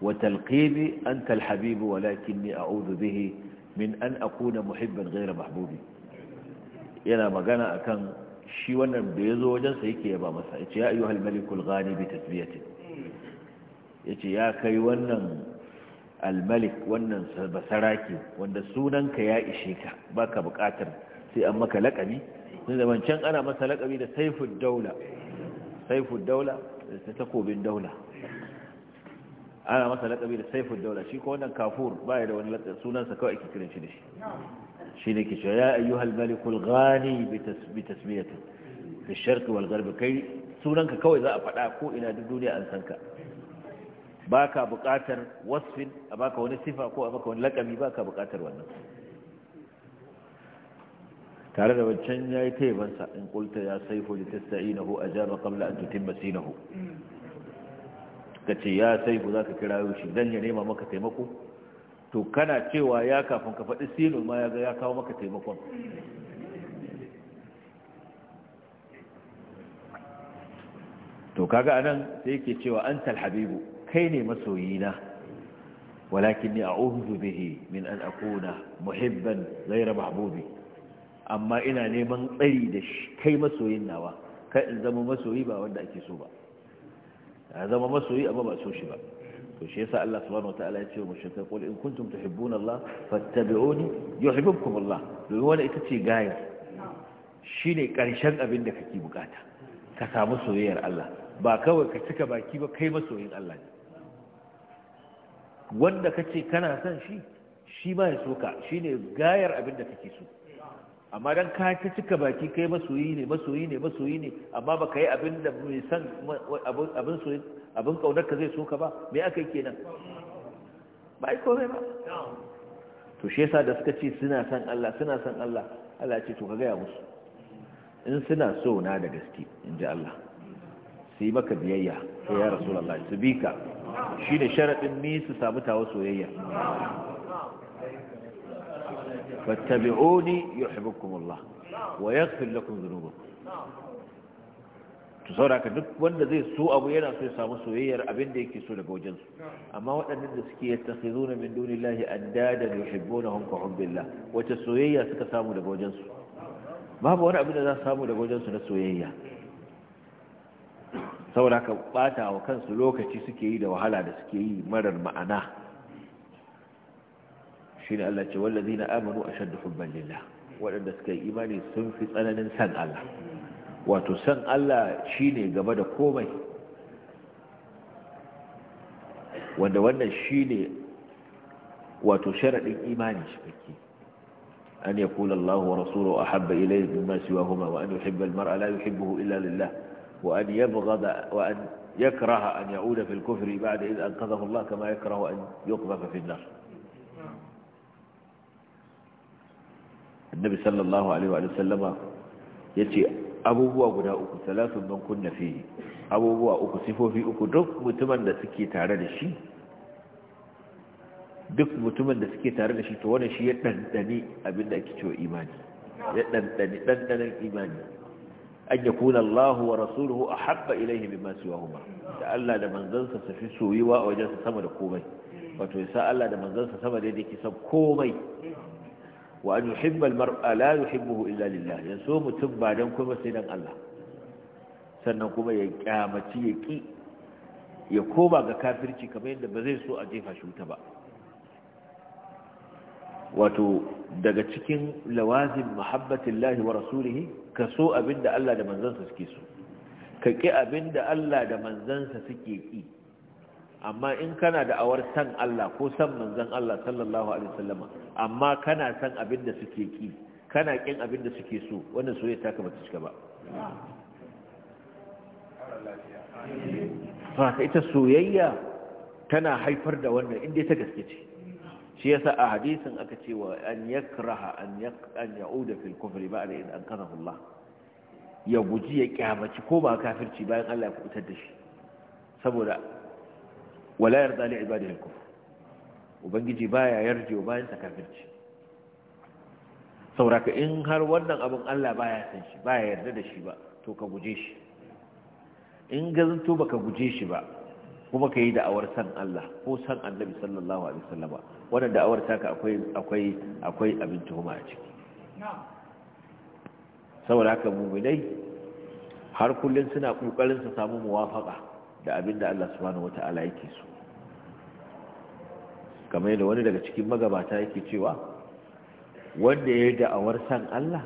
wa talqib anta al-habib walakinni a'udhu bihi min an akuna muhibban ghayra mahbubi yana magana akan shi wannan da yazo wajen sa yake yaba masa ce ya ayyuha al-malik al-ghani bi tasmiyatin ya ce ya kai wannan almalik wannan basaraki wanda sunanka ya ishe ka baka bukatar sai an maka lakabi sun zaman can ana masa lakabi da saifud daula saifud daula da takobin daula ana masa lakabi da saifud daula shi ko wannan kafur baya da wani lakabi sunansa kawai ake kiran shi da shi shi ne ke cewa ya ayyuhal malikul ghani bi tasmiyati fi sharqi wal gharbi kai sunanka kawai za a faɗa ko ina duk duniya an san ka baka buƙatar wasfin a baka wani sifa ko a baka wani laƙabi baka buƙatar wannan tare da wancan ya yi taibansa in kulta ya saifo da tasta'inahu a jaba kamla a tutun masinahu ka ce ya saifo za ka kira shi don ya nema maka taimako to kana cewa ya kafin ka faɗi silo ma ya ga ya kawo maka taimakon to kaga anan sai ke cewa an talhabibu kai ne masoyina walakin ni a'udhu bihi min an akuna muhibban ghayra mahbubi amma ina neman tsari da kai masoyin nawa kai in zama masoyi ba wanda ake so ba a zama masoyi amma ba so shi ba to shi yasa Allah subhanahu wataala ya ce wa mushrikai qul in kuntum tuhibbuna Allah fattabi'uni yuhibbukum Allah domin wannan ita ce gaya shine karshen abin da kake bukata ka samu soyayyar Allah ba kawai ka cika baki ba kai masoyin Allah ne wanda kace kana son shi shi ma ya Shi ne gayar abin da kake so amma don ka ta cika baki kai masoyi ne masoyi ne masoyi ne amma baka yi abin da mai san abin soyi abin kaunar ka zai ka ba me aka yi kenan ba ai komai ba to shi yasa da suka ce suna son Allah suna son Allah Allah ce to ka gaya musu in suna so na da gaske in ji Allah su yi maka biyayya ya rasulullahi su bi ka shine sharaɗin ni su samu tawa soyayya fattabi'uni yuhibbukumullah wa yaghfir lakum dhunubakum to sauraka duk wanda zai so abu yana so ya samu soyayyar abin da yake so daga wajensu, amma waɗannan da suke yattakhizuna min dunillahi andada yuhibbunahum ka hubbillah wace soyayya suka samu daga wajensu? babu wani abin da za su samu daga wajensu na soyayya saboda ka bata wa kansu lokaci suke yi da wahala da suke yi marar ma'ana Shi ne Allah ce wallazina amanu ashaddu hubban lillah waɗanda suka yi imani sun fi tsananin san Allah wato san Allah shi ne gaba da komai wanda wannan shi ne wato sharadin imani shi an yaqula Allah wa rasuluhu ahabba ilayhi mimma siwahuma wa an yuhibba al-mar'a la yuhibbuhu illa lillah وأن يبغض وأن يكره أن يعود في الكفر بعد إذ أنقذه الله كما يكره أن يقذف في النار النبي صلى الله عليه وآله وسلم يتي أبو هو قد أكو ثلاث من كنا فيه أبو هو أكو صفو في أكو دك متمن دسكي تعرد الشي دك متمن دسكي تعرد الشي توانا شي يتنتني أبن أكتو إيماني يتنتني إيماني an ya yakuna Allah wa rasuluhu a ahabba ilayhi mimma siwahuma da Allah da manzansa su fi soyuwa a wajensa sama da komai wato ya sa Allah da manzansa sama da yadda kisan komai wa an yuhibba al-mar'a la yuhibbuhu illa lillah yaso mutum ba don kuma sai dan Allah sannan kuma ya kyamaci ya ki ya koma ga kafirci kamar yadda ba zai so a jefa shi wuta ba wato daga cikin lawazim muhabbatillahi wa rasulihi ka so abin da Allah da manzansa suke so ka ƙi abin da Allah da manzansa suke ƙi amma in kana da awar san Allah ko san manzan Allah sallallahu alaihi wasallama amma kana san abin da suke ƙi kana ƙin abin da suke so wannan soyayya ta ka bata cika ba fa ita soyayya tana haifar da wannan inda ta gaske ce shi yasa a hadisin aka ce wa an yakraha an ya'uda fil kufri ba'da in anqadhahu Allah ya guji ya kyamaci ko ba kafirci bayan Allah ya kubutar da shi saboda wala yarda li ibadihi al kufr ubangiji baya yarje bayan ta kafirci sauraka in har wannan abin Allah baya san shi baya yarda da shi ba to ka guje shi in gazanto baka guje shi ba kuma ka yi da'awar san Allah ko san Annabi sallallahu alaihi wasallam wannan da'awar taka akwai akwai akwai abin tuhuma a ciki saboda haka mu'minai har kullun suna kokarin su samu muwafaqa da abin da Allah subhanahu wata'ala yake so kamar da wani daga cikin magabata yake cewa wanda ya yi da'awar san Allah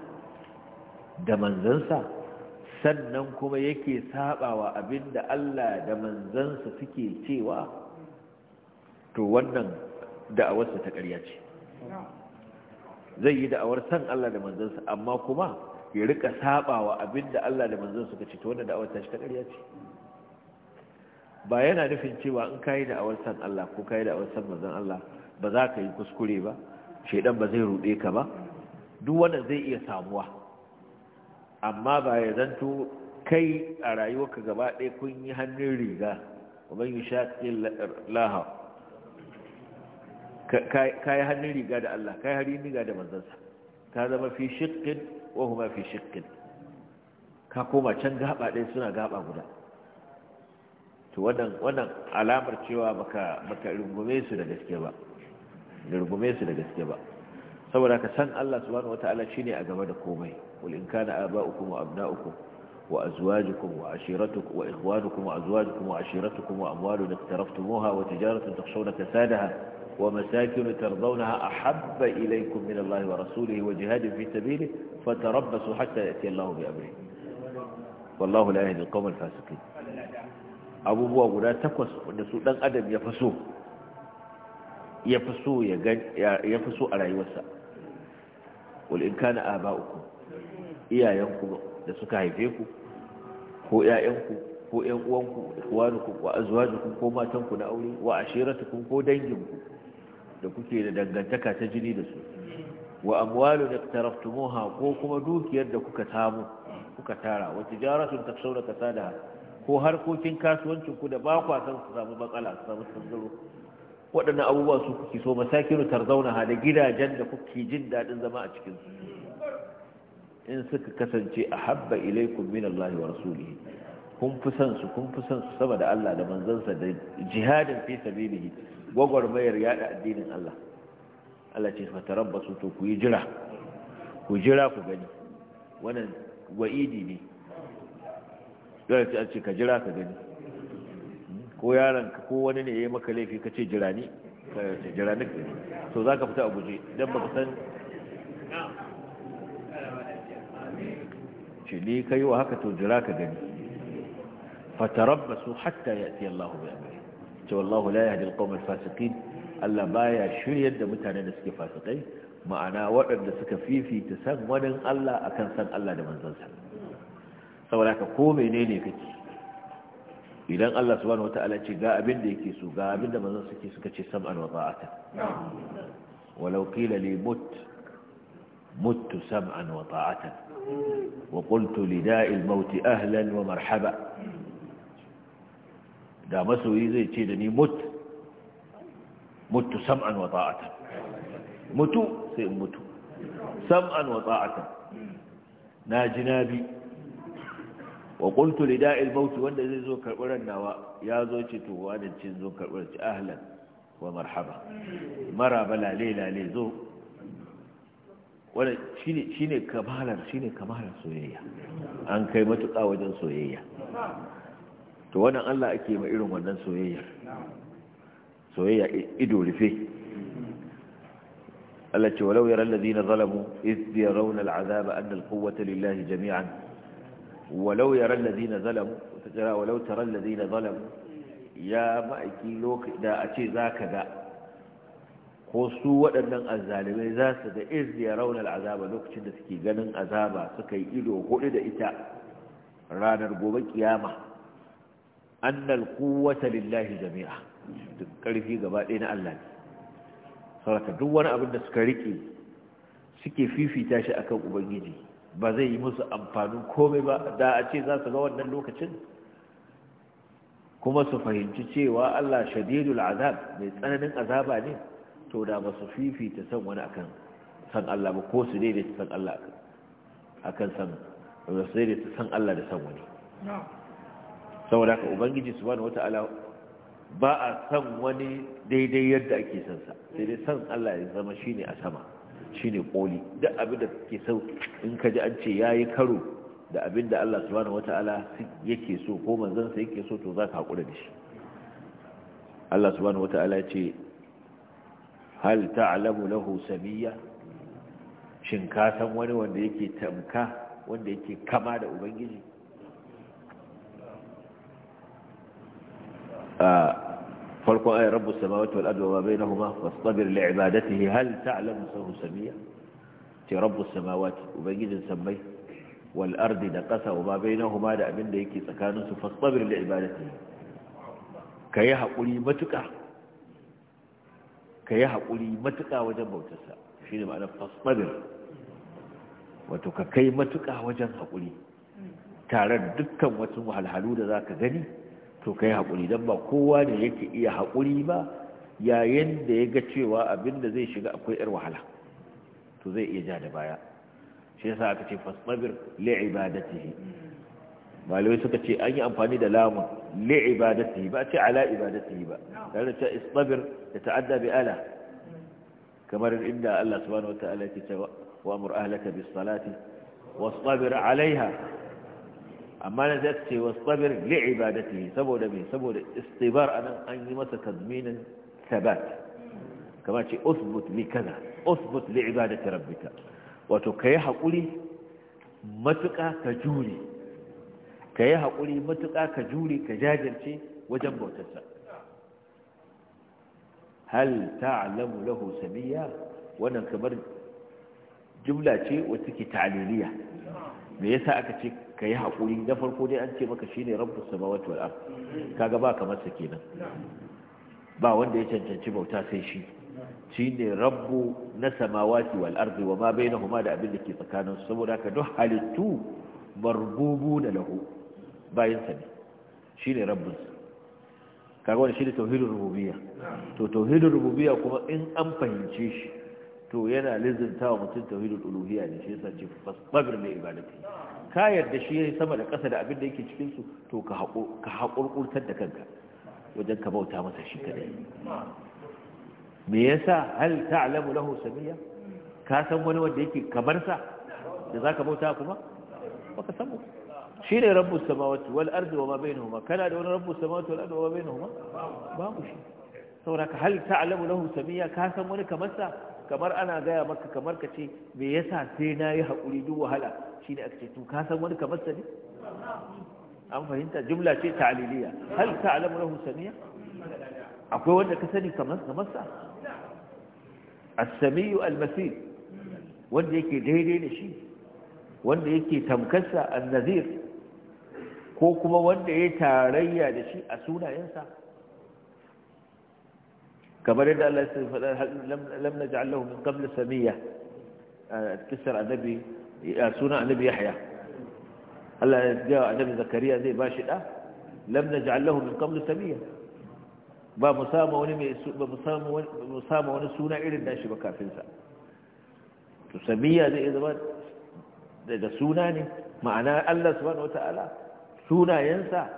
da manzansa sannan kuma yake sabawa abin da Allah da manzansa suke cewa to wannan da'awarsa ta ƙarya ce zai yi da'awar san Allah da manzansa amma kuma ya rika sabawa abinda Allah da manzansa ka ce to wannan da'awar ta shi ta ƙarya ce ba yana nufin cewa in ka yi da'awar san Allah ko ka yi da'awar san manzan Allah ba za ka yi kuskure ba shaidan ba zai rude ka ba duk wannan zai iya samuwa amma ba ya zanto kai a rayuwarka gaba ɗaya kun yi hannun riga ومن يشاق الله ka yi hannun riga da Allah ka yi hannun riga da manzansa ka zama fi shiƙin wa kuma fi shiƙin ka koma can gaba ɗaya suna gaba guda to wannan alamar cewa baka baka rungume su da gaske ba da rungume su da gaske ba saboda ka san Allah subhanahu wataala shine a gaba da komai wal in kana aba'ukum wa abna'ukum wa azwajukum wa ashiratukum wa ikhwanukum wa azwajukum wa ashiratukum wa amwalun iqtaraftumuha wa tijaratun takhshawna kasadaha ومساكن ترضونها أحب إليكم من الله ورسوله وجهاد في سبيله فتربصوا حتى يأتي الله بأمره والله لا يهدي القوم الفاسقين أبو بوا غدا تكوس wanda su dan adam ya faso ya faso ya ya faso a rayuwarsa wal in kana aba'ukum iyayenku da suka haife ku ko ƴaƴanku ko ƴan uwanku matanku na aure wa ashiratukum ko danginku da kuke da dangantaka ta jini da su wa amwalu da ko kuma dukiyar da kuka samu kuka tara wa tijaratun takshawna kasada ko harkokin kasuwancin ku da ba ku san su samu bakala su samu tsanzaro waɗannan abubuwa su kuke so masakinu tarzaunaha da gidajen da kuke jin daɗin zama a cikin su in suka kasance a habba ilaikum min Allah wa rasulihi kun fi san su kun fi san su saboda Allah da manzansa da jihadin fi sabilihi gwagwarmayar yada addinin Allah Allah ce fataran ba to ku yi jira ku jira ku gani wannan wa'idi ne dole ce an ce ka jira ka gani ko yaron ka ko wani ne ya yi maka laifi ka ce jira ni ka jira ni so za ka fita a guje don ba ka san ce ni ka yi wa haka to jira ka gani fataran ba su hatta ya ce Allah bai amuri ce wallahu la yahdi alqawmal fasiqin Allah baya shiryar da mutanen da suke fasikai ma'ana waɗanda suka fifita san wani Allah akan san Allah da manzansa saboda ka ko menene kake idan Allah subhanahu wataala ce ga abin da yake so ga abin da manzon suke suka ce sam'an wa ta'ata walau qila li mut mut sam'an wa ta'ata wa qultu li da'il maut ahlan wa marhaba da masoyi zai ce da ni mut mutu sam'an wa ta'atan mutu sai in mutu sam'an wa ta'atan na jinabi wa qultu li da'il maut wanda zai zo karɓi nawa, ya zo ce to wani cin zo karɓi ci ahlan wa marhaba Mara maraba lale lale zo wanda shine shine kamalar shine kamalar soyayya an kai matuƙa wajen soyayya to wannan Allah ake ma irin wannan soyayya soyayya ido rufe Allah ce walau yara allazina zalamu iz yarawna al'azaba anna al-quwwata lillahi jami'an walau yara allazina zalamu jira walau tara allazina zalamu ya ma'aiki lokaci da a ce zaka ga ko su waɗannan azzalimai za su ga iz yarawna al'azaba lokacin da suke ganin azaba suka yi ido hudu da ita ranar gobe kiyama annal quwwata lillahi jami'a duk karfi gaba ɗaya na Allah ne saboda duk wani abin da suka rike suke fifita shi akan ubangiji ba zai yi musu amfanin komai ba da a ce za su ga wannan lokacin kuma su fahimci cewa Allah shadidul azab mai tsananin azaba ne to da ba su fifita san wani akan san Allah ba ko su daidaita san Allah akan san su daidaita san Allah da san wani saboda ka ubangiji subhanahu wataala ba a san wani daidai yadda ake son sa sai dai san Allah ya zama shine a sama shine koli duk abin da kake so in ka ji an ce yayi karo da abin da Allah subhanahu wataala yake so ko manzon sa yake so to zaka hakura da shi Allah subhanahu wataala ya ce hal ta'lamu lahu samiyya shin ka san wani wanda yake tamka wanda yake kama da ubangiji farkon ayar rabbus samawati wal ardi wa bainahuma fastabir li ibadatihi hal ta'lamu sahu samia ce rabbus samawati ubangijin sammai wal ardi da ƙasa wa ma da abin da yake tsakanin su fastabir li ibadatihi kayi hakuri matuƙa kayi hakuri matuƙa wajen bautarsa shine ma'anar fastabir wato ka kai matuka wajen hakuri tare da dukkan wasu wahalhalu da ka gani to kai haƙuri don ba kowa ne yake iya haƙuri ba yayin da ya ga cewa abin da zai shiga akwai 'yar wahala to zai iya ja da baya shi yasa aka ce fasbabir li'ibadatihi malamai suka ce an yi amfani da lamun li'ibadatihi ba ce ala ibadatihi ba tare da ce isbabir da ta'adda bi ala kamar inda Allah subhanahu wa ta'ala yake cewa wa amur ahlaka bis salati alaiha amma na zai ce wasbabir li'ibadatihi saboda me saboda istibar anan an yi masa tazminin sabat kama ce usbut li kaza usbut li'ibadati rabbika wato kai hakuri matuka ka jure kai hakuri matuka ka jure ka jajirce wajen bautarsa hal ta'lamu lahu samiya wannan kamar jumla ce wacce ke ta'liliya me yasa aka ce ka yi haƙuri na farko dai an ce maka shi ne rabbus samawati wal ard kaga ba kamar sa kenan ba wanda ya cancanci bauta sai shi shi ne rabbu na samawati wal ard wa ma bainahuma da abin da ke tsakanin su saboda ka duk halittu marbubu da lahu bayin sa ne shi ne rabbus kaga wani shi ne tauhidur rububiyya to tauhidur rububiyya kuma in an fahimce shi to yana lizinta wa mutum tauhidul uluhiyya ne shi yasa ce fasbir li ibadati ka yarda shi ya sama da ƙasa da abin da yake cikinsu to ka haƙurƙurtar da kanka wajen ka bauta masa shi kadai me yasa hal ta'lamu lahu samiya ka san wani wanda yake kamar sa da zaka bauta kuma baka san shi ne rabbus samawati wal ardi wa ma bainahuma kana da wani rabbus samawati wal ardi wa ma bainahuma babu shi saboda hal ta'lamu lahu samiya ka san wani kamar sa kamar ana gaya maka kamar ka ce me yasa sai na yi haƙuri duk wahala shine aka ce to ka san wani kamar sa ne an fahimta jumla ce ta'aliliya hal ta'lamu lahu samiya akwai wanda ka sani kamar kamar sa as-samiyu al wanda yake daidai da shi wanda yake tamkarsa an-nazir ko kuma wanda ya tarayya da shi a sunayensa kamar yadda Allah ya faɗa lam naj'al lahu min qabl samiyya kisar annabi suna annabi Yahya Allah ya ga annabi Zakariya zai bashi da lam naj'al lahu min qabl samiyya ba mu samu wani mai ba mu samu wani suna irin nashi ba kafin sa to samiyya zai zama daga suna ne ma'ana Allah subhanahu wataala sunayensa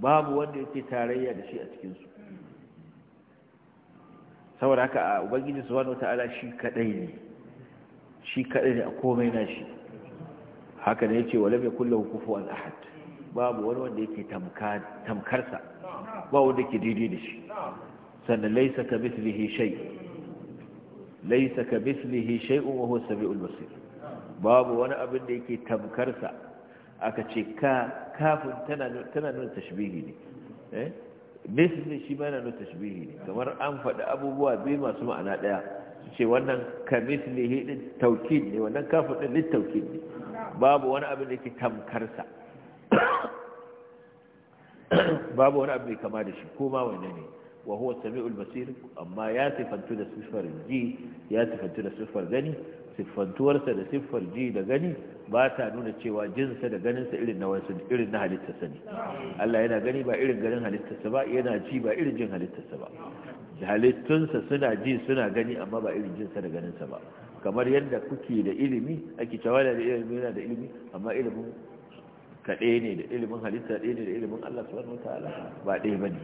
babu wanda yake tarayya da shi a cikin su. saboda haka a ubangiji wani wataala shi kadai ne shi kadai ne a komai na shi haka ne ce wale mai yakul lahu kufuwan ahad babu wani wanda yake tamkarsa ba wanda ke daidai da shi sannan laisa ka lihi shai laisa ka mithlihi shai wa huwa samiul babu wani abin da yake tamkarsa aka ce ka kafin tana tana nuna tashbihi ne eh nisbi shi ma yana nuna tashbihi ne kamar an faɗi abubuwa biyu masu ma'ana ɗaya su ce wannan ka mislihi din tawkid ne wannan kafin din lit tawkid ne babu wani abin da yake tamkarsa babu wani abu kama da shi ko ma wanne ne wa huwa sami'ul basir amma ya tafantu da sifar ji ya tafantu da sifar gani siffantuwarsa da siffar ji da gani ba ta nuna cewa jinsa da ganinsa irin na wasu irin na halittarsa ne Allah yana gani ba irin ganin halittarsa ba yana ji ba irin jin halittarsa ba halittunsa suna ji suna gani amma ba irin jinsa da ganinsa ba kamar yadda kuke da ilimi ake cewa da ilimi yana da ilimi amma ilimin kaɗe ne da ilimin halitta ɗaya ne da ilimin Allah subhanahu Ta'ala ba ɗaya ba ne.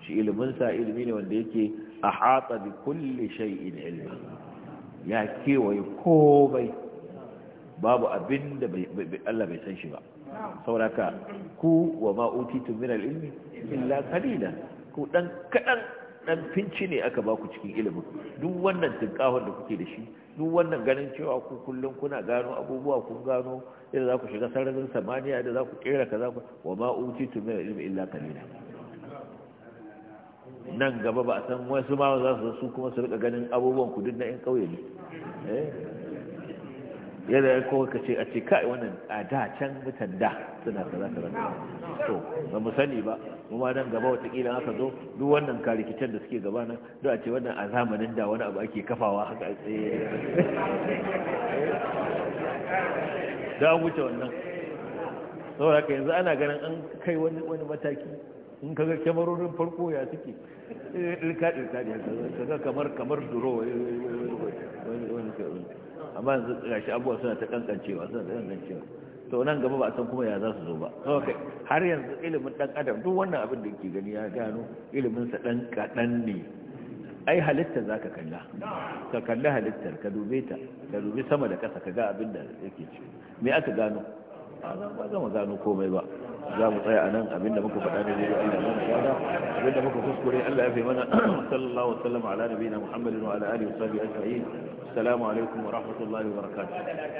shi ilimin sa ilimi ne wanda yake ahata bi kulli shay'in ilmi. ya kewaye komai babu abin da Allah bai san shi ba sauraka ku wa ma'utitun min ilmi illa kalila ku dan kadan dan finci ne aka baku cikin ilimin duk wannan tinkahon da kuke da shi duk wannan ganin cewa ku kullum kuna gano abubuwa kun gano yadda za ku shiga sararin samaniya da za ku kera kaza ku wa ma'utitun min ilmi illa kanina. nan gaba ba a san wasu ma za su su kuma su rika ganin abubuwan ku duk na yan kauye ne eh? yadda kowa ka ce a ce kai wannan a da can mutan da suna kaza kaza to ba mu sani ba mu ma nan gaba watakila aka zo duk wannan karikicen da suke gaba nan duk a ce wannan a zamanin da wani abu ake kafawa haka a eh. tsaye da wuce wannan saboda haka yanzu ana ganin an kai wani mataki in ga kyamarorin farko ya suke eh, ilka ilka ne ga kamar kamar duro eh, eh, wani wani amma yanzu gashi abubuwa suna ta kankancewa suna ta kankancewa to nan gaba ba a san kuma ya za su zo ba okay har yanzu ilimin dan adam duk wannan abin da ke gani ya gano ilimin sa dan kadan ne ai halitta zaka kalla ka kalla halittar ka dube ta ka dubi sama da kasa ka ga abin da yake ci me aka gano ba za mu gano komai ba za mu tsaya a nan abinda muka faɗa ne zai Allah mana gada abinda muka kuskure Allah ya fi mana sallallahu alaihi wa ala nabiyina Muhammadin wa ala alihi wa sahbihi ajma'in assalamu alaikum wa rahmatullahi wa barakatuh